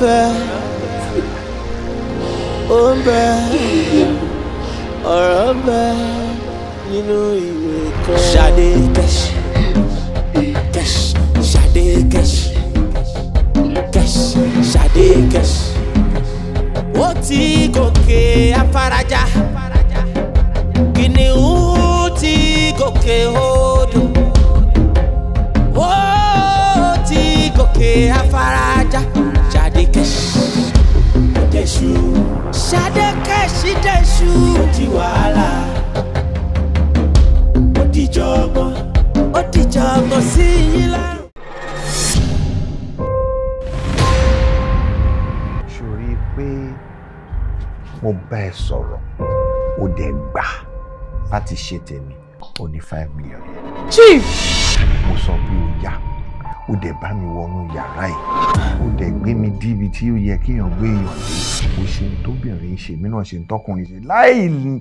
bẹ ó bẹ ọ̀rọ̀ bẹ nínú ìwé kan. Ṣadé Cash Cash Ṣadé Cash Cash Ṣadé Cash. ó ti gòkè afárájà kìnìún ti gòkè odò ó ti gòkè afárájà. ṣadé kẹ́sì dẹ̀ṣu. ó di wàhálà ó dìjọ́ ọgbọ́n. ó dìjọ́ ọgbọ́n sí yín lára. sori pé mo bá ẹ sọ̀rọ̀ ó dẹ̀ gbà láti ṣe tèmi ó ní five million. chief. mo sọ pé ó yá ó dẹ̀ bá mi wọnú yàrá ẹ̀ ó dẹ̀ gbé mi dí ibi tí ó yẹ kéèyàn gbé èèyàn dé ó ṣe ń tóbìnrin ṣe mí náà ṣe ń tọkùnrin ṣe láì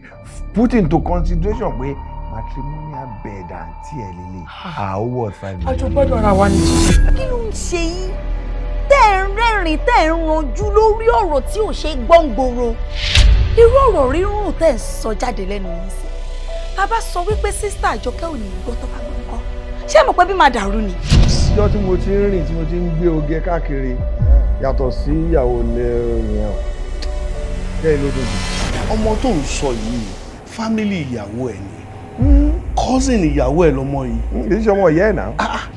put into consideration pé matrimonial bed àǹtí ẹ̀ lélẹ̀ àwọ̀ ah. five million. àjọ gbọ́dọ̀ ara wa ni. kí ló ń ṣe yín tẹ́ ẹ̀ ń rẹ́rìn tẹ́ ẹ̀ ń ranjú lórí ọ̀rọ̀ tí ò ṣe gbọ́ngboro irú ọ̀rọ̀ rírùn tẹ́ ẹ̀ ń sọ jáde lẹ́nu yín sí bàbá sọ wípé sísítà àjọkẹ́ ò ní gbọ́ tó bá gbọ́ nǹkan ṣé ẹ mọ̀ pé bí máa dàrú ni àtijọ́ tí mo ti ń rìn tí mo ti ń gbé oge káàkiri yàtọ̀ sí ìyàwó ilé yẹn o bẹ́ẹ̀ ló dùn. ọmọ tó ń sọ yìí fámìlì ìyàwó ẹ̀ ni hmm? cousin ìyàwó ẹ̀ lọmọ yìí. Hmm, kì í ṣe ọmọ ìyá ẹ̀ náà. Ah, ah.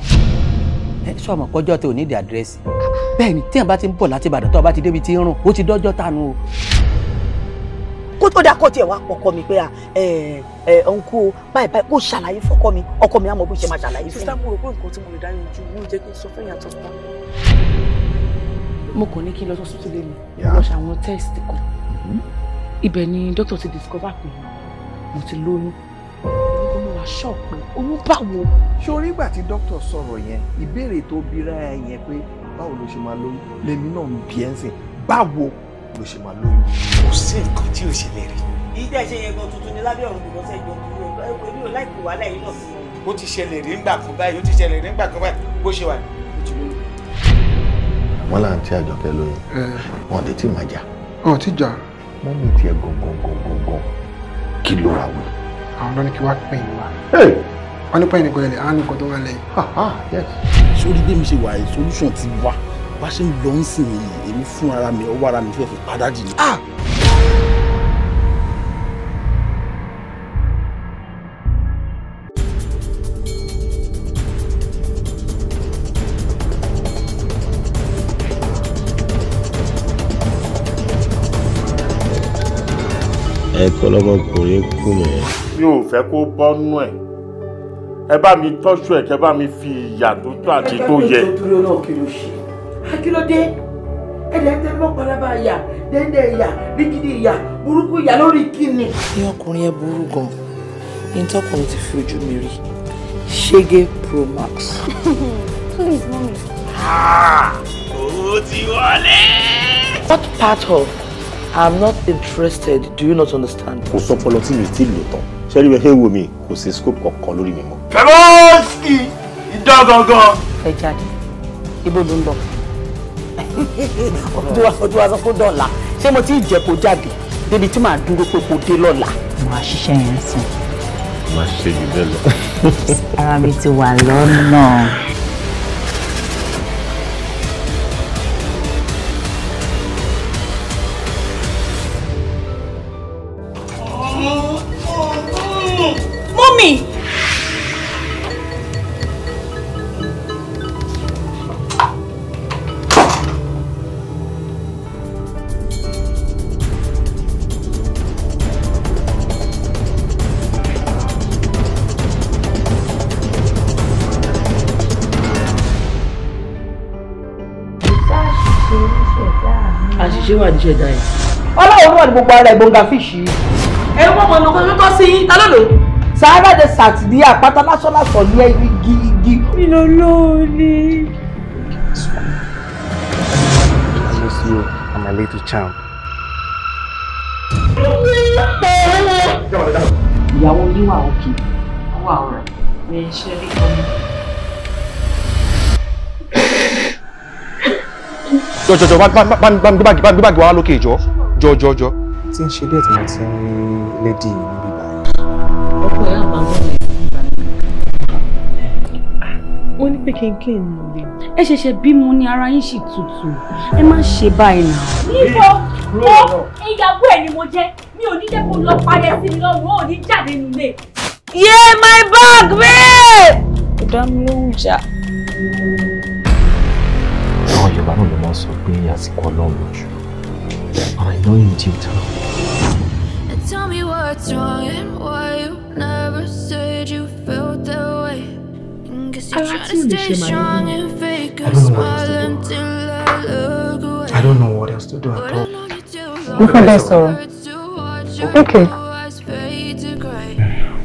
ẹ ṣọ́ ọmọ kọjọ́ tó ní ìdí àdírẹ́sì bẹ́ẹ̀ tí èèyàn bá ti ń bọ̀ láti Ìbàdàn tó o bá ti débi tí ń rùn ó ti dọ́jọ́ tánu o ó dáa kọ́ tiẹ̀ wá pọ̀kọ́ mi pé à ẹ ẹ ọ̀nkú báyìí báyìí kó ṣàlàyé fọ́kọ́ mi ọkọ mi á mọ bó ṣe máa ṣàlàyé fún mi. sísá mo rò pé nǹkan tí mo lè dáyọ̀ ojú mi ò jẹ́ kí n sọ fún ìyàtọ̀ kan. mo kàn ní kí n lọ sọ sótì lé mi lọ ṣe àwọn test kan mm-hmm. ibẹ̀ ni dókítà ti discover pé mo ti lóyún wà ṣọ̀pù oyún báwo. ṣorí ìgbà tí dókítà sọ̀rọ̀ yẹn ìbéèrè tó bira yẹn pé báwo ló ṣe máa lóyún lèmi náà ń bí ẹ́ sìn báwo ló ṣe máa lóyún. kò sí nǹkan tí ò ṣe lè rí. ìdá ìṣe yẹn gan tuntun ni lábẹ́ ọ̀run kò lọ́sẹ̀ jọ èmi ò láìpẹ́ wàhálà yìí lọ sí. ó ti ṣẹlẹ̀ rí ńgbà kan báyìí ó ti ṣẹlẹ̀ rí ńgbà kan báyìí bó ṣe wà ó ti lóyún. wọ́n là ń tí àjọkẹ́ lóyún wọn ti tí máa jà. ọ ti jà. wọ́n mú tiẹ̀ gangan gangan gan kí ló wà wí. àwọn ló ní kí wàá pín in wa wọ́n ní pẹ́yìn nìkan lẹ̀ àwọn nìkan tó wà lẹ́yìn. sórí bí mi ṣe wà yìí solution ti wá bá ṣe ń lọ ń sìn yìí èmi fún ara mi ọwọ́ ara mi fẹ́ fi padà jì ní. Ah! ẹ̀kọ́ lọ́mọkùnrin kù mẹ́. mi ò fẹ́ kó bọ́nú ẹ̀ ẹ bá mi tọ́jú ẹ̀ kẹ́ bá mi fi ìyà tó tó àti tó yẹ. tó dúró náà kí ló akílódé ah, ẹ̀dẹ̀ ń tẹnumọ́ paraba ìyà dẹ́ndẹ́ ìyà rígidì ìyà burúkú ìyà lórí kíni. ní ọkùnrin ẹ burú gan ní tọkùnrin ti fi ojú mi rí ṣége pro max. please mummy. Ah! ó ti wọlé. what part of i'm not interested do you not understand. kò sọ pọlọ tí mi ti lò tán ṣẹ́rí rẹ̀ wo mi kò sí scope kankan lórí mi mọ́. pẹ̀lú ìdán gangan. ẹ jáde ibo ló ń lọ ọdún wa sọ kó dọ̀la ṣé mo ti jẹ́ kó jáde débi tí màá dúró pé kó dé lọ́la. mo á ṣiṣẹ́ yẹn sùn. má ṣe jù bẹ́ẹ̀ lọ. ara mi ti wà lọ́nà. ẹ̀dá ẹ̀. ọlọ́run wà ní gbogbo ara ìgbóǹga fíìsì. ẹ wọ́n mọ ọ̀nà kan tó sí yín ta ló lò. sahara de sàtìdí àpáta lásán lásán ní igi igi. ìlò lóòní. I miss you and my little charm. ìyàwó yín wà òkè wà ọ̀rẹ́ ní ṣẹ́rí kan. jọ jọ jọ bá mi gbé báàgì bá mi gbé báàgì wá lókè jọ jọ jọ jọ. tí ń ṣe bí ẹ̀tí mo ti ń rí lédi yìí níbí báyìí. ọkọ ẹ̀ àbá mọ́ mi wọ́n ní pé kí n kí n nù lè. ẹ ṣẹ̀ṣẹ̀ bímọ ni ara yín sì tutù ẹ má ṣe báyìí nà. níbo mo ìyàwó ẹ ni mo jẹ mi ò ní jẹ́ kó lọ parẹ́ sí mi lọ́rùn ò ní jáde nílé. yé my bag babe. ìdánilóhùn jà. Yorùbá náà ló máa sọ pé àsìkò Ọlọ́run lójú I know you deep down. And tell me what's wrong and why you never said you felt that way. Guess you're trying to stay strong and fake a smile until I look away. I don't know what else to do at all. Look at that sorrow. Okay.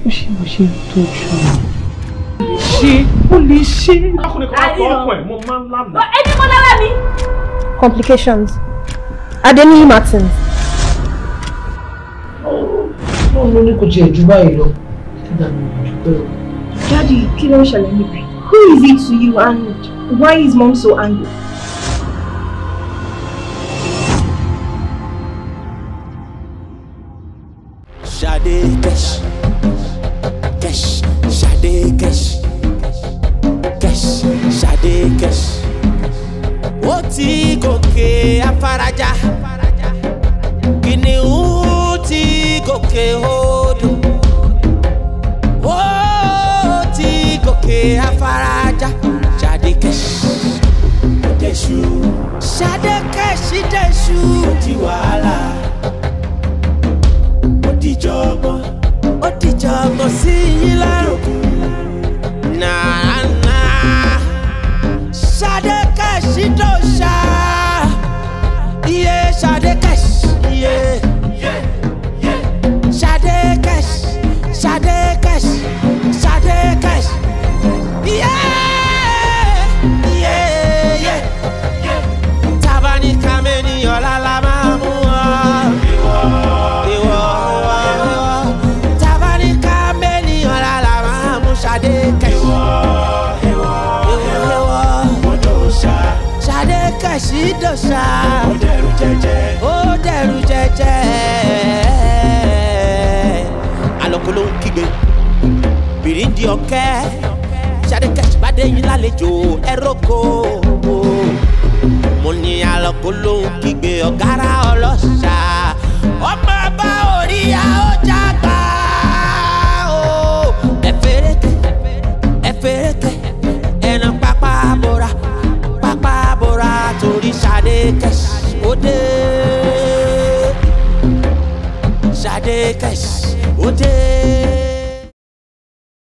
Mo ṣe mo ṣe tó jù ṣe ó lè ṣe. ọkùnrin kan kọ ọkọ ẹ mo máa ń lánàá. ẹni mo lára mi. complications Adeniyi Martin. wọ́n mú ní kò jẹ́ jù báyìí lọ Daddy, kí ló ń ṣẹlẹ̀ níbi? Who is it to you and why is mom so angry? faraja kìnìún ti goke odò ó ti gòkè afaraja ṣàdékẹ́ṣì dẹ̀ṣù ṣàdékẹ́ṣì dẹ̀ṣù ó di wàhálà ó di jọgbọ́n ó di jọgbọ́n sí yín lárògùn náà náà ṣàdékẹ́ṣì ṣàdékẹ́ ṣàdékẹ́ ṣàbádé yín lálejò ẹ̀rọ́kọ. mo ní àlọ́kọ́ lóhùn kígbe ọ̀gára ọmọ bá orí àọ́jà gbà ó. ẹ̀fẹ̀rẹ̀kẹ́ ẹ̀fẹ̀rẹ̀kẹ́ ẹ̀nà pápá bora papa bora torí ṣàdékẹ́ ó dé. ode. ó dé.